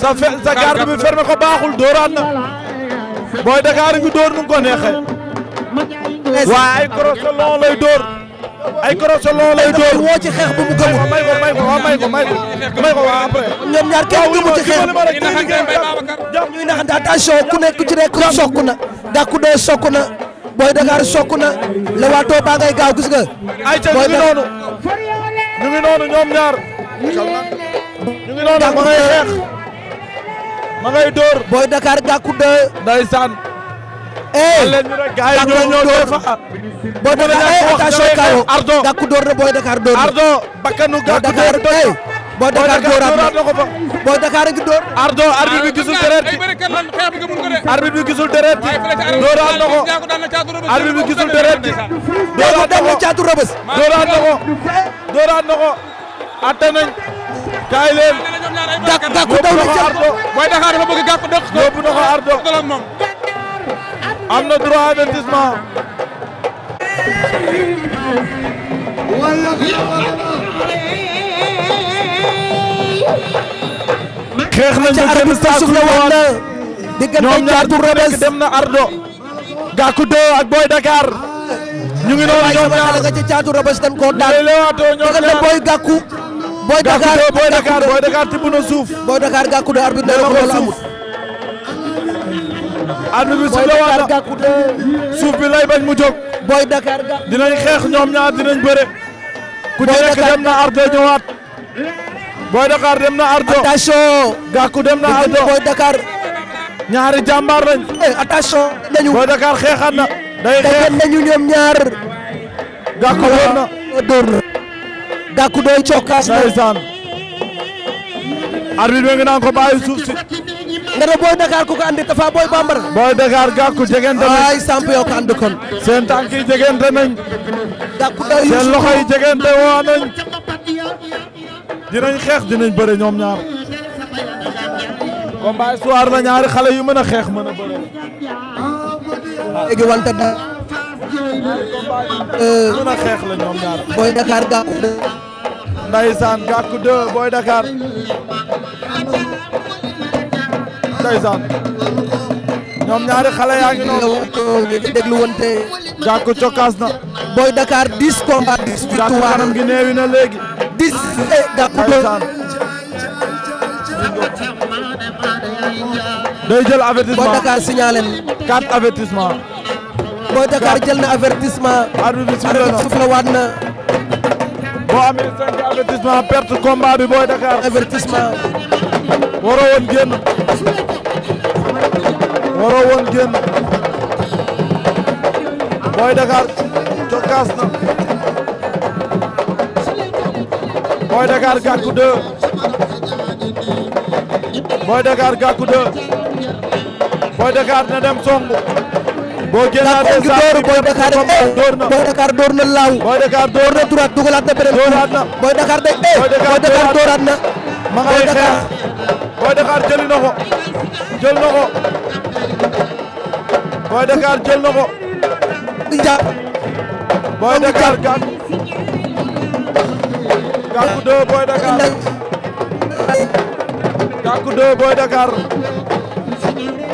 sa fe sa garde bi ferme ko baaxul dooraat na Boy Dakar ngi door nu ko neexee waaye cross long lay door ay korosolo lay door woo ci xeex bu mu gëmul may ko may ko waaw may ko may ko may ñoom ñaar kenn gëmu ci xeex ñuy naxante
attention ku nekk ci nekk sokk na Daku doo na Boy Dakar sokk na Leewtoo baa ngay gaaw gis nga ay ca ñu ngi noonu
ñu ngi noonu ñoom ñaar ñu ngi ma ngay xeex ma ngay door Boy Dakar Daku doo booy Dakar
attention Kawo Gakou door na booy Dakar door Ardo bakkanu Gakou door booy Dakar dooraat na booy Dakar a ngi door Ardo arbitre bi gisul deret
arbitre bi gisul deret dooraat na ko
arbitre bi gisul deret
dooraat na ko caatu rëbës dooraat na ko dooraat na ko atte nañ kaay leen Gakou daw na Ardo booy Dakar dafa bëgg Gakou dëkk yóbbu na ko Ardo am na droit avertissement xeex nañ ci arbitre na diggante caatu rebes dem na ardo Gackou 2 ak Boy Dakar ñu
ngi noonu ñoom ñaar caatu rebes dañ ko daal diggante Boy Gackou Boy Dakar tibb na suuf Boy Dakar Gackou 2 arbitre da la ko
arbitre bi su la waat suuf bi lay bañ mu jóg. Boy Dakar gàkku dinañ xeex ñoom ñaar dinañ bëre. ku ci nekk dem na Ardo ñëwaat. Boy Dakar dem na Ardo. attention gàkku dem na Ardo Boy Dakar. ñaari jàmbaar lañ. Eh, attention dañu Dakar xeexaat na. day xeex nañu ñoom ñaar. gàkku door na door na. gàkku doy cokkaas na. naan ko bàyyi suuf si. ngara Boy Dakar ku ko andi dafa Boy Bambara. Boy Dakar gàkku jegente nañ waay samp yoo ko andi kon. seen tànk yi jegente nañ.
gàkku daw yu seen loxo yi jegente woo nañ.
dinañ xeex ñaar. xale yu mën a xeex mën a bëre. da. mën xeex la ñoom ñaar. Boy Dakar ndeysaan ñoom ñaari xale yaa ngi noonu déglu wante jàkku cokkaas na Boy Dakar 10 combat 10 victoire jàkku kanam gi neewi na léegi 10 e gàkku doon day jël avertissement
Boy Dakar signalé na 4 avertissement Boy Dakar jël na avertissement arbitre
bi sifflé waat na boo amee 5 avertissement perte combat bi Boy Dakar avertissement waroo woon génn waroo woon génn Boy Dakar jokkaas na Boy Dakar gàkku deux Boy Dakar gàkku deux Boy Dakar na dem songu boo génnaatee dem si boppam eh, door na Boy Dakar door door na turaat dugalaat na beneen. dooraat na Boy Dakar eh, na. ma ngay xeex Boy Dakar na ko jël na ko. Boy Dakar jël na ko. jàpp. Boy Dakar gàtt. Gàkku 2 Boy Dakar.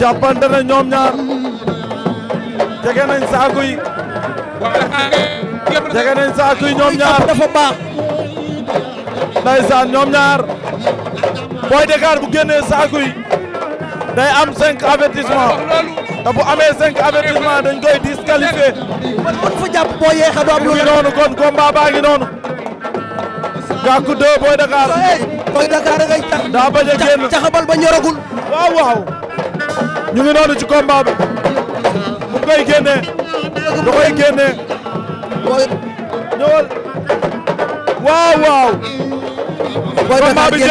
Gàkku ñoom ñaar. jege nañ saako yi. ñoom ñaar dafa baax. ñoom ñaar. Boy Dakar bu génnee saako day am cinq avertissement. te bu amee cinq avertissement dañ koy disqualifié. man man fa jàpp boo yéexee doo am lu noonu kon baa ngi noonu. Gackou 2 Boy Dakar. daa bañ a génn caxabal ba ñoragul. waaw waaw. ñu ngi noonu ci combat bi. bu koy génnee. da koy génnee. waaw waaw. Boy Dakar bi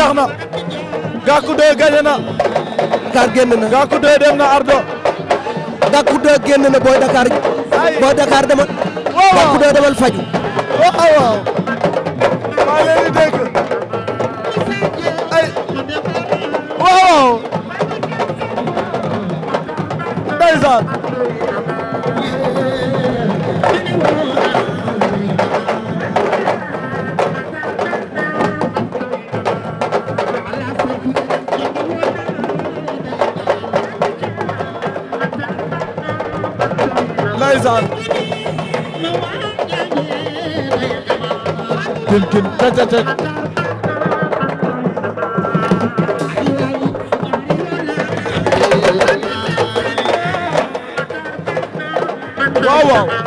na. Gackou 2 dem na Ardo. Gàkku doo génn na Boy Dakar Boy Dakar demal. waaw
Gàkku demal faju.
waaw waaw.
ndeysaan kin kin tëj waaw waaw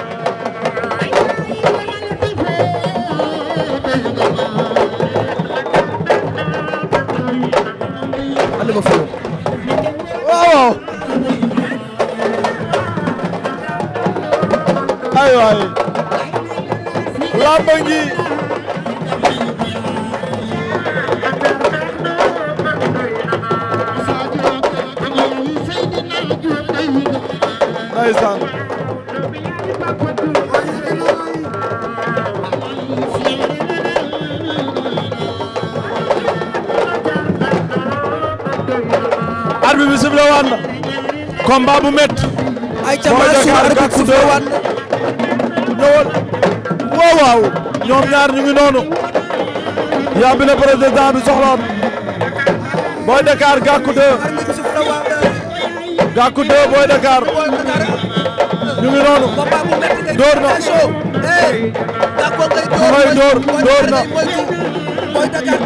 waay làmb ngi ndeysaan arbitre bi sifflé waat na combat bu métti ay ca maa suur arbitre bi sifflé waat na waaw ñoom ñaar ñu ngi noonu yaa bi ne président bi soxloon Boy Dakar Gackou 2 Gackou 2 Boy Dakar ñu ngi noonu door na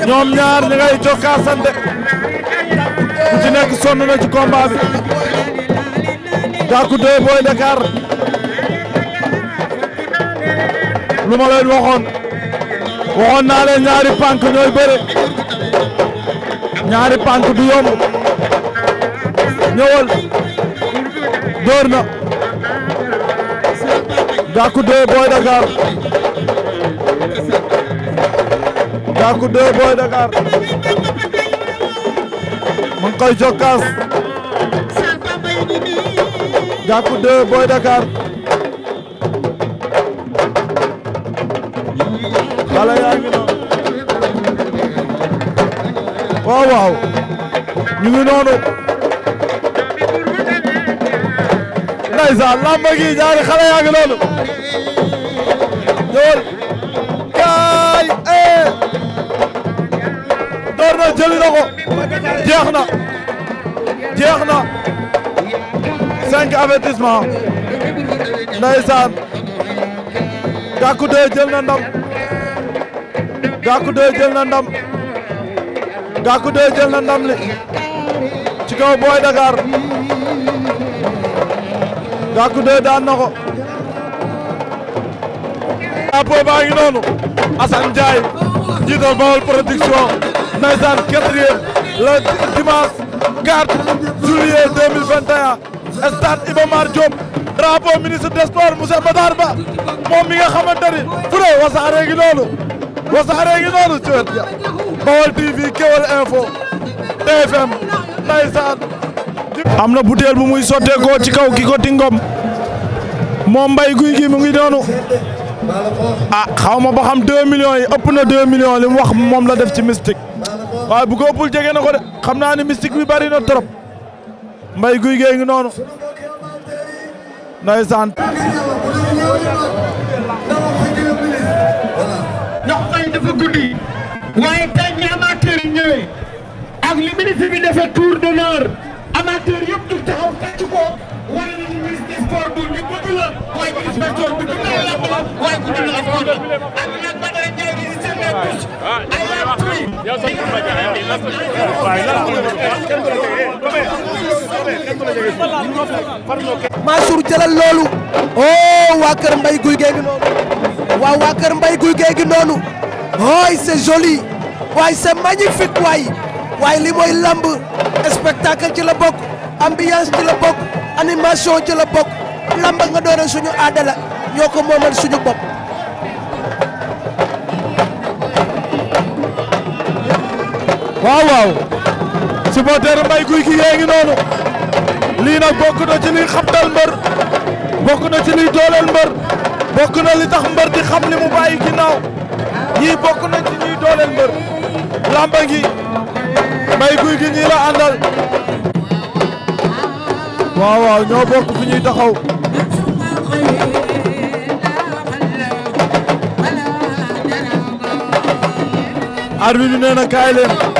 ñoom ñaar ñi ngay jokkaasante ku ci nekk na ci combat bi Gackou Boy Dakar lu ma leen waxoon waxoon ñaari pànk ñooy bëre ñaari pànk du yomb ñëwal dóor na Gackou 2 Boy Dakar Gackou 2 Boy Dakar mu xale ñu ngi noonu ndeysaan làmb gi ñaari xale yaa noonu ñëwal kaay ee eh. door na ko jeex na jeex na cinq avertissement ndeysaan Gackou 2 jël ndam Gackou 2 jël na ndam Gackou li ci kaw Boy Dakar Gackou 2 daan na ko baa ngi noonu Assane Ndiaye production ndeysaan quatrième le dimanche 4 juillet stade Iba Mar Diop drapeau ministre des sports monsieur Ba moom mi nga xamante ni fu ne Wassare Wassare ngi noonu ci wet ja Bawol TV Kewel Info TFM ndeysaan am na butéel bu muy sotteekoo ci kaw ki ko tingom moom mbay guy gi mu ngi noonu ah xaw ma ba xam deux millions yi ëpp na deux millions li mu wax moom la def ci mystique waaye bu ko ëppul jege na ko de xam naa ne mystique bi bari na trop mbay guy gee ngi noonu ndeysaan ndax xëy dafa guddi waaye tey ñi amateur yi ñëwee ak li ministre bi defee tour d'honneur amateur yëpp du taxaw tàcc ko waaye li ministre des sports bu ñu bu dundal waaye ku dundal sport la ak
nag ba
dara loolu oh waa kër Mbaye Guy Gee ngi noonu waaw waa kër Mbaye Gouye Gui gi noonu ooy c'est joli waaye c'est magnifique waay waaye li mooy lamb spectacle ci la bokk ambiance ci la bokk animation ci la bokk lamb nga doon suñu aada la ñoo ko moomal suñu bopp.
waaw waaw supporter Mbaye Gouye ngi noonu. lii nag bokk na ci liy xabtal mbër bokk na ci liy dooleel mbër bokk na li tax mbër di xam li mu bàyyi ginnaaw ñii bokk na ci ñuy dooleel mbër lamba ngi mbay guy gi ñii la àndal waaw waaw ñoo bokk fi ñuy taxaw arbitre bi nee na kaay leen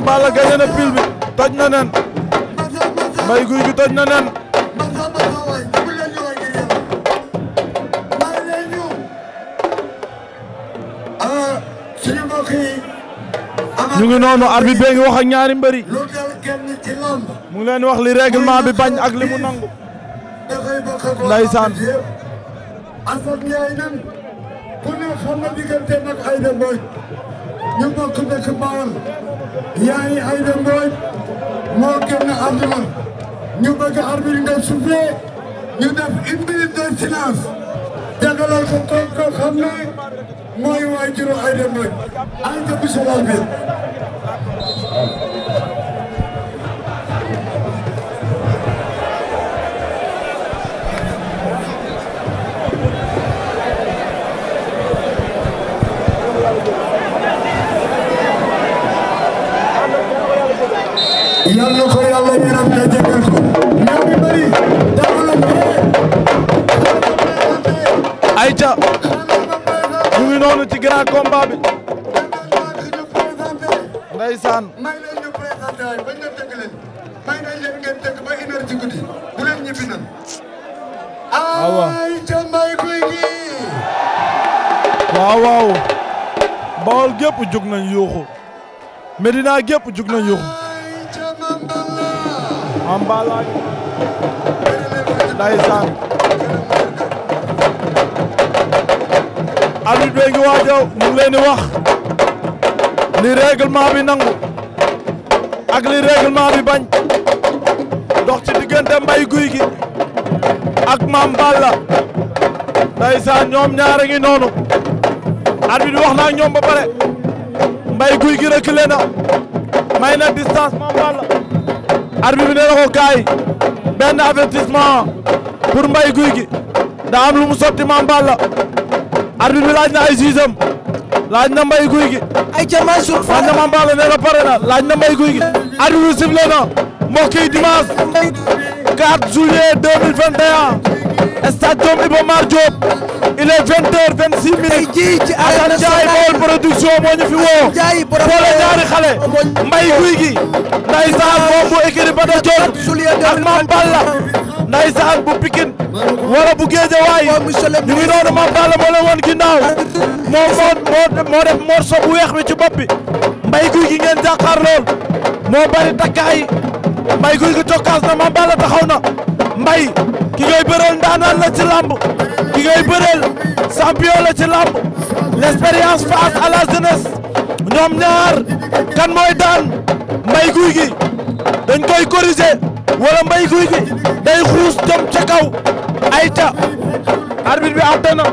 moom Balla gañe na pile bi toj na nen mbay guy gi toj na nen ñu ngi noonu arbitre bi ngi wax ak ñaari mbëri mu leen wax li règlement bi bañ ak li mu nangu ndaysaan asad yaay nan ku ne xam na diggante nag ay de boy ñu bokk dëkk Bawol yaay Aïda Mbodj moo génn àdduna ñu bëgg arbitre nga soufflé ñu def une minute de silence jagleel ko ko ko xam ne mooy waajuru Aïda Mbodj Aïda bisu bi ayca ñu ngi noonu ci grand combat bi ndeysaan may leen ñu présenté ay bañ may leen leen ngeen bawol gépp jug nañ yuuxu Medina gépp jug nañ yuuxu Mambalaan ndeysaan arbitre bi ngi waajo ñu wax li règlement bi ak li règlement bi dox ci diggante Mbaye Gouy Gui ak Mame Balla ñoom ñaar a ngi wax na ak ñoom ba pare Mbaye Gouy Gui reculé na may na distance Mame Balla arbitre bi nee na ko kaay benn avertissement pour Mbaye Gouy Gui daa am lu mu sotti Mame Balla arbitre bi laaj na ay siisam laaj na Mbaye Gouy Gui ay ca laaj na Mame Balla nee na pare na laaj na Mbaye Gouy Gui arbitre bi sifflé na mbokk yi dimanche 4 juillet 2021 stade Iba Mar Diop il est vingt heures vingt six minutes tey jii ci arène nationale Bawol production moo ñu fi woo boole ñaari xale mbay guy gi ndaysaan moom bu écurie ba da joon ak Mame Balla ndaysaan bu Pikine wala bu Géejawaay ñu ngi noonu Mame moo leen woon ginnaaw moom moo moo def morceau bu weex bi ci bopp bi mbay guy gi ngeen jàkkaar lool moo bari takkaay mbay guy gi cokkaas na Mame taxaw na mbay ki ngay bëreel ndaanaan la ci làmb ki ngay bëreel champion la ci lamb l'expérience face à la ñoom ñaar kan mooy daan mbay guy gi dañ koy corriger wala mbay guy gi day xuus jëm ca kaw ayca arbitre bi àtte na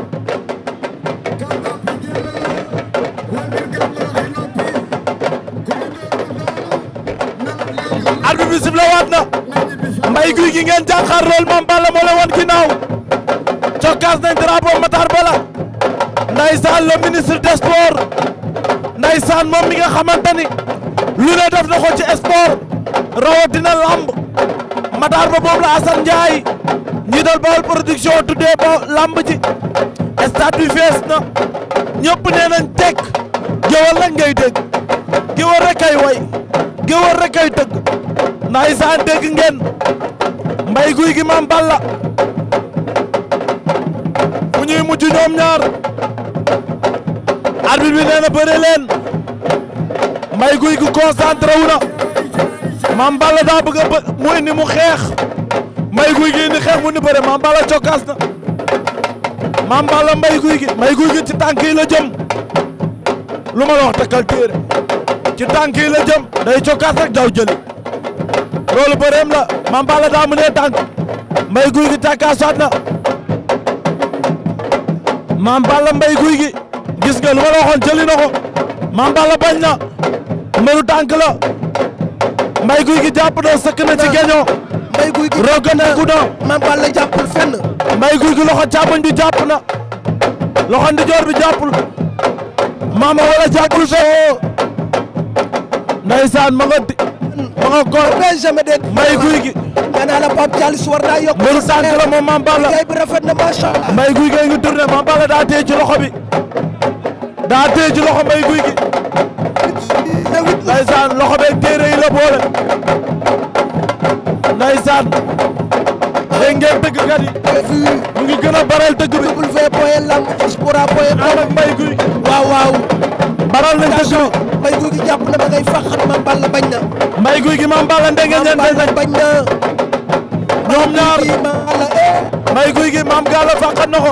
arbitre bi siflewaat na mbay guy gi ngeen jàkkaar lool Mame Balla moo la wan cokkaas nañ drapeau Matar Ba la ndaysaan le ministre des sports ndaysaan moom mi nga xamante ni lu ne def na ko ci sport rawatina lamb Matar Ba moom la Assane Ndiaye ñi dal Baol production tuddee ba lamb ji stade bi fees na ñëpp nee nañ tekk géwal nag ngay dégg géwal rek kay way géwal rek kay tëgg ndaysaan dégg ngeen mbay guy gi maam Balla mujj ñoom ñaar arbitre bi nee na bëre leen Mbaye Gouye Gui concentré na Mame Balla daa bëgg a mu indi mu xeex Mbaye Gouye Gui indi xeex mu ni bëre Mame Balla cokkaas na Mame Balla Mbaye Gouye Gui Mbaye Gouye Gui ci tànk yi la jëm lu ma la wax téere ci tànk yi la jëm day cokkaas rek daw jëli loolu bëreem la Mame Balla daa mu nee tànk Mbaye Gouye Gui tàkkaasaat na maam Balla mbay guy gi gis nga lu ma la waxoon jëli na ko maam Balla bañ na mbaru tànk la mbay guy gi jàpp na sëkk na ci geñoo mbay guy gi rogan na guddo maam Balla jàppul fenn mbay guy gi loxo càmmoñ bi jàpp na loxo ndijoor bi a maama wala jàppul fenn ndeysaan ma nga ma nga góor mais jamais déet. may guy gi. nee naa la Pape Thialis war naa yokk. mbëru tànk la moom Mame Balla liggéey ngi tourné Mame daa téye loxo bi daa téye loxo may guy gi. ndaysaan loxo beeg téere yi la boole. ndaysaan. dégg ngeen tëggkat yi. mu ngi gën a baral tëgg bi. www.lamb
sport point com. waaw waaw. baral nañ station mbay guy gi jàpp na ba ngay
faxat maam Balla bañ na mbay guy gi maam Balla ndenge ñeen nañ bañ na ñoom ñaar mbay guy gi maam Galla faxat na ko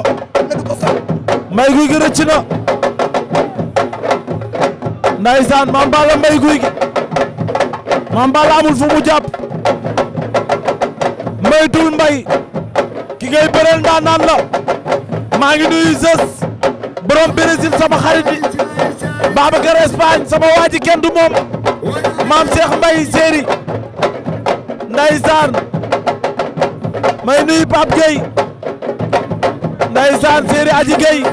mbay guy gi rëcc na ndaysaan maam Balla mbay guy gi maam Balla amul fu mu jàpp mbaytul mbay ki ngay bëreel ndaa naan la maa ngi nuyu Zos borom Brésil sama xarit yi Babacar Espagne sama waa ji moom maam Cheikh Mbaye Séeri ndeysaan may nuyu Pape Gueye ndeysaan Séeri Aji Gueye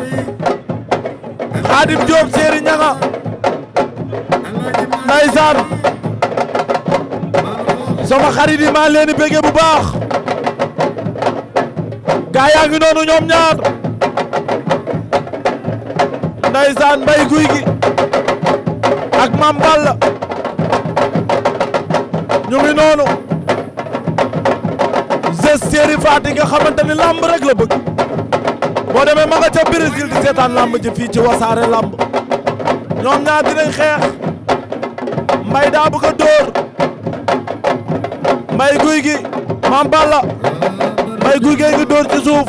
Khadim Diop Séeri Ñanga ndeysaan sama xarit yi maa leen di bu baax gaa yaa ñoom ñaar ndeysaan Mbaye Guy gi ak Mame Balla ñu ngi noonu Serigne Faty nga xamante ni lamb rek la bëgg boo demee ma nga ca Brésil di seetaan lamb ji fii ci wasaare lamb ñoom ñaar dinañ xeex mbay daa bëgg a dóor mbay guy gi Mame mbay guy gi ngi dóor ci suuf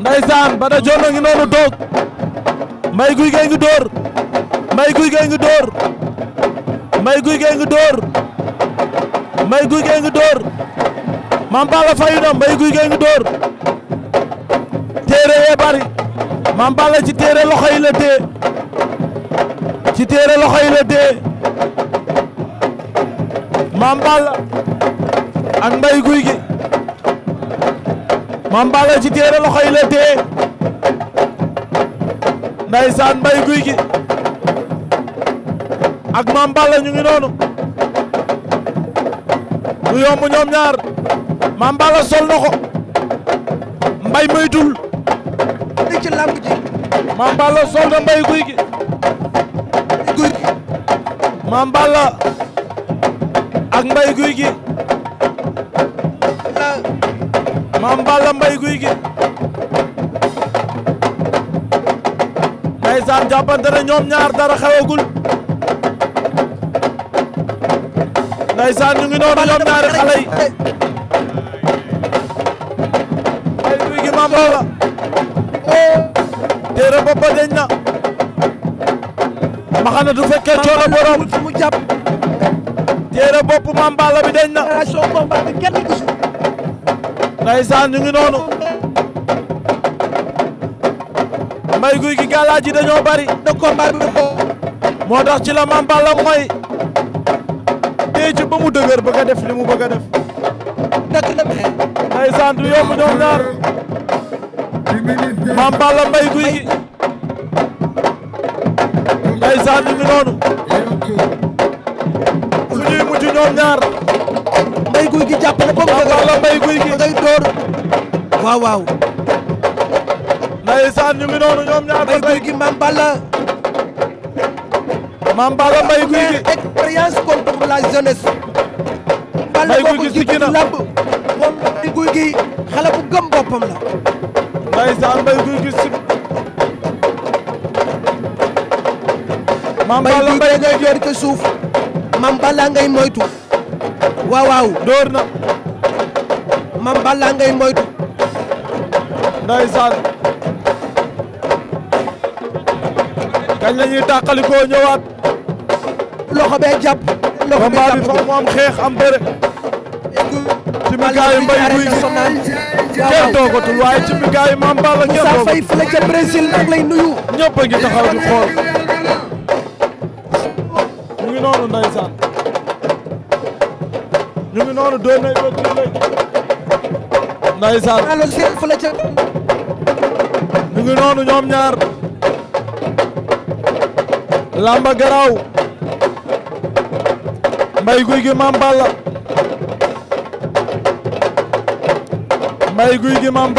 ndeysaan ba da jono ngi noonu toog Mbaye Gouye Gui ngi door Mbaye Gouye Gui ngi door Mbaye Gouye Gui ngi door Mbaye Gouye Gui ngi door Mame Balla fayu na Mbaye Gouye Gui ngi door téere yee bari Mame Balla ci téere loxo yi la tee ci téere loxo yi la tee Mame Balla ak Mbaye Gouye Gui Mame Balla ci téere loxo yi la tee ndaysaan mbay guy gi ak Mame Balla ñu ngi noonu du ñoom ñaar Mame Balla sol na mbay moytul li ci làmb ji Mame Balla sol na mbay guy gi guy ak mbay guy gi Mame mbay guy ndeysaan jàppante ne ñoom ñaar dara xewagul ndeysaan ñu ngi noonu ñoom ñaari xale yi boppa oh, deñ na ma xam du fekkee coono borom téere bopp mam bi deñ na ndeysaan ñu ngi noonu Mbaye Gouy Gui galaaj yi dañoo bari da combat bi ko moo tax ci la Mame Balla mooy tey ci ba mu dëgër bëgg a def li mu bëgg a def dëkk na mais ndeysaan du yomb ñoom ñaar Mame Balla Mbaye Gouy Gui ndeysaan noonu fu ñuy mujj ñoom ñaar Mbaye Gouy jàpp na ba mu dëgër Mame Balla Mbaye Guy Gui ngay door waaw waaw ndeysaan ñu ngi noonu gi Mame Balla Mame Balla Mbaye Gouy Gui expérience la jeunesse Balla boo ko jiitu lamb moom Mbaye Gouy Gui gëm boppam la ndeysaan Mbaye Gouy Gui si
Mame ngay moytu waaw waaw
door na Mame Balla ngay moytu ndeysaan kañ la ñuy tàqali koo ñëwaat. loxo bee jàpp. loxo bee jàpp xeex am bëre. ci mikaay mbay guy gi kenn toogatul waaye ci mikaay maam
Balla kenn toogatul. fay fële ca Brésil nag a ngi
taxaw di xool. ñu noonu ndeysaan. ñu ngi noonu doon nay doon na léegi. ngi noonu ñoom ñaar. lamba garaaw mbay guy gi maam mbay guy gi maam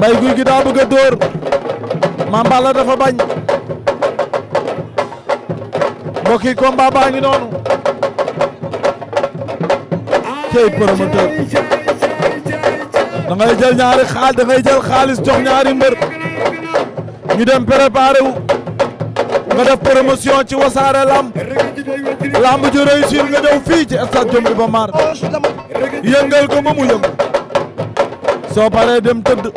mbay guy gi daa bëgg dóor maam dafa bañ mbokk yi combat baa ngi noonu cey promoteur da jël ñaari xaal da jël xaalis jox ñaari mbër ñu dem préparé nga def promotion ci wasaare lamb lamb ju réussir nga ñëw fii ci stade Jom Iba Mar yëngal ko ba mu yëngu soo paree dem tëdd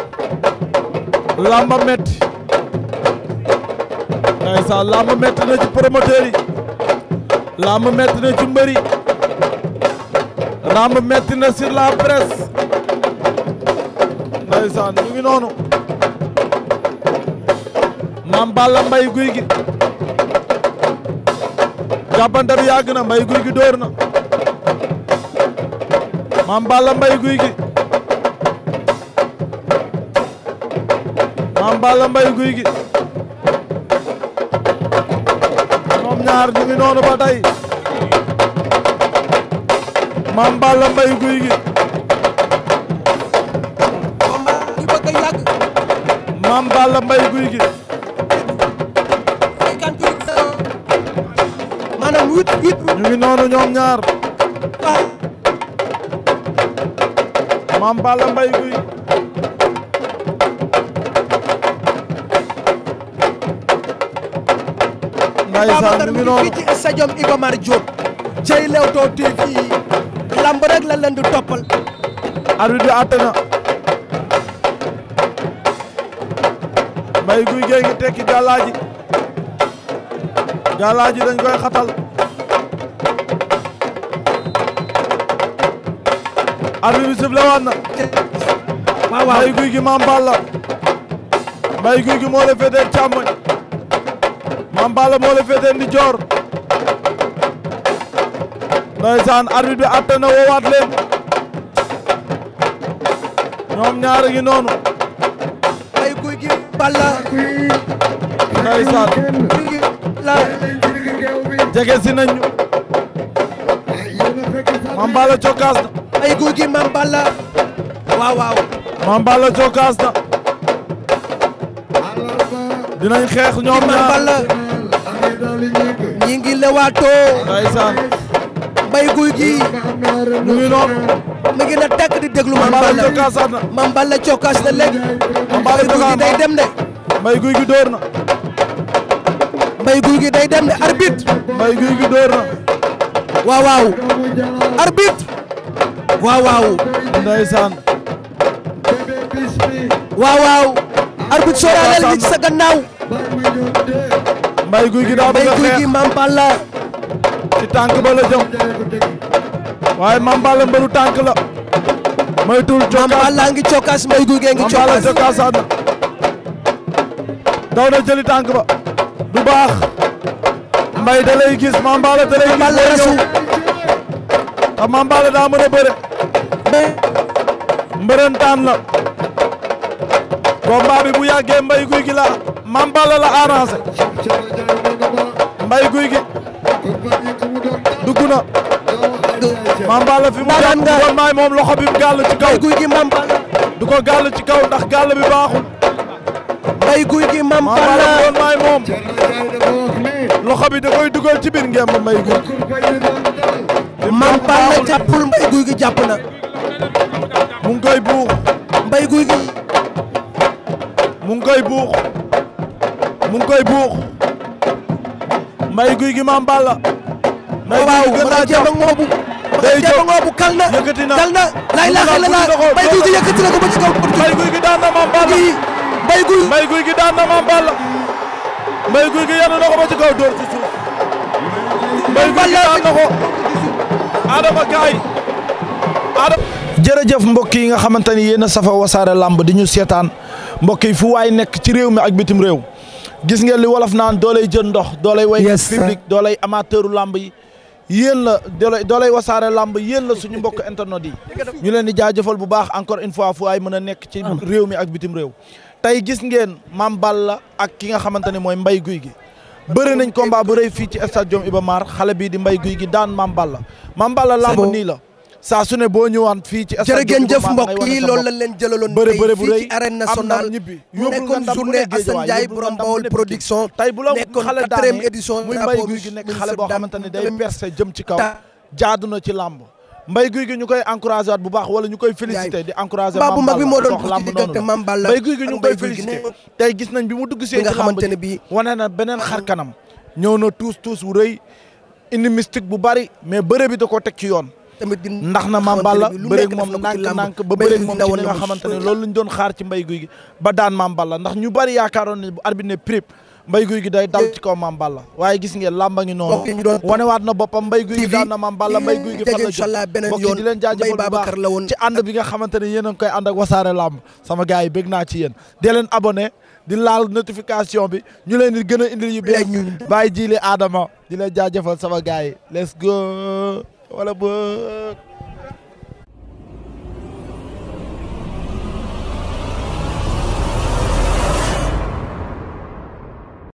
lamba metti ndeysaan lamba metti na ci promoteur yi lamba metti na ci mbër yi lamba metti na sur la presse ndeysaan mu ngi noonu Mame Balla Mbaye Gouy Gui jàppante bi yàgg na Mbaye Gouy dóor na Mame Balla Mbaye Gouy Gui Mame Balla Mbaye Gouy Gui ñoom ñaar ñu ngi noonu ba tey Mame Balla Mbaye Gouy Gui Mame Balla Mbaye Gouye Gui maanaam wut wut ñu noonu ñoom ñaar ah. Mame Balla Mbaye Gouye Gui
ndeysaan ñu ngi Iba Mar Diop cey Leewtoo TV lamb rek la leen di toppal
arbitre bi àtte na mbay guy gée ngi tekki gàllaaji gàllaaji dañ koy xatal arbi bi sif lewaat na waaw waaw mbay guy gi maam Balla mbay guy gi moo la féetee càmmoñ maam Balla moo la féetee ndi joor ndeysaan arbitre bi atte na woowaat leen ñoom ñaar gi noonu Balla ndeysaan la jege si nañu Mame Balla cokaas guy gi Mame Balla waaw waaw Mame Balla cokaas na dinañ xeex ñoom ñaar ñi ngi lewaatoo ndeysaan bay guy gi ñu ngi noonu mi
na tàkk di déglu Mame guy gi day dem de
mbay guy gi door na mbay guy gi day dem de arbitre mbay guy gi door waaw waaw arbitre waaw waaw ndeysaan waaw waaw arbitre
sóoraaleel li ci sa gannaaw
mbay guy gi daa bëgg a xeex mbay guy gi Mame Balla ci tànk ba la waaye Mame Balla mbëru tànk la moytul cokkaas Mame Balla ngi cokkaas Mbaye Gouye Gui ngi cokkaas daw na jëli tànk ba du baax Mbaye da lay gis Mame Balla da lay gis Mame Balla rasu mën a bëre mbërëntaan la combat bu yàggee Mbaye Gouye Gui la Mame la arrangé Mbaye Gouye Gui dugg na Mame Balla fi mu daan nga maay moom loxo bi mu gàll ci kaw guy gi Mame Balla du ko gàll ci kaw ndax gàll bi baaxul mbay guy gi Mame Balla woon maay moom loxo bi da koy dugal ci biir
ngemb mbay guy Mame Balla jàppul mbay guy gi jàpp na
mu ngi koy buux mbay guy gi mu ngi koy buux mu ngi koy buux mbay guy gi Mame Balla mbay guy gi gën naa jàpp day jóg Demba Ngor na ko ba ci kaw. Mbaye ci ci suuf. Mbaye Gouye daan na ko Adama jërëjëf mbokk yi nga xamante ni yéen a safa wasaare lamb di ñu seetaan mbokki yi fu waay nekk ci réew mi ak bitim réew gis ngeen li wolof naan doolay jën ndox doolay way public doolay amateuru lamb yi yéen la doolay doolay wasaare làmb yéen la suñu mbokk internet yi ñu leen di jaajëfal bu baax encore une fois fu ay mën a nekk ci réew mi ak bitim réew tey gis ngeen Mame la ak ki nga xamante ne mooy mbay guy gi bëri nañ combat bu rëy fii ci stade Iba Mar xale bii di mbay guy gi daan Mame la Mame Balla làmb nii la saa su ne boo ñëwaan fii ci jërëjëf mbokk yi loolu lañ leen jëlaloon bëre bëre bu rëy ci arène nationale ñibbi mu nekkoon journée
Assane Ndiaye borom Bawol
production tey bu la xale quatrième édition muy mbay guy gi nekk xale boo xamante ne day percé jëm ci kaw jaadu na ci làmb mbay guy gi ñu koy encouragé waat bu baax wala ñu koy félicité di encouragé mbaa bu mag bi moo doon ci diggante Mame Balla mbay guy gi ñu koy félicité tey gis nañ bi mu dugg see nga xamante ne bi wane na beneen xar kanam ñëw na tuus tuus wu rëy indi bu bari mais bëre bi da koo teg ci yoon ndax na maam Balla bëreeg moom ndànk-ndànk ba bëreeg moom ci li nga xamante ne loolu lañ doon xaar ci mbay guy gi ba daan maam Balla ndax ñu bari yaakaaroon ne bu arbitre ne prip mbay guy gi day dal ci kaw maam Balla waaye gis ngeen làmba ngi noonu wanewaat na boppam mbay guy gi daan na maam Balla mbay guy gi fan la jot mbokk yi di leen jaajëfal bu baax ci ànd bi nga xamante ne yéen a ngi koy ànd ak wasaare làmb sama gars yi bég naa ci yéen dee leen abonné di laal notification bi ñu leen di gën a indil yu bees bàyyi jiile Adama di leen jaajëfal sama gars yi let's go wala boog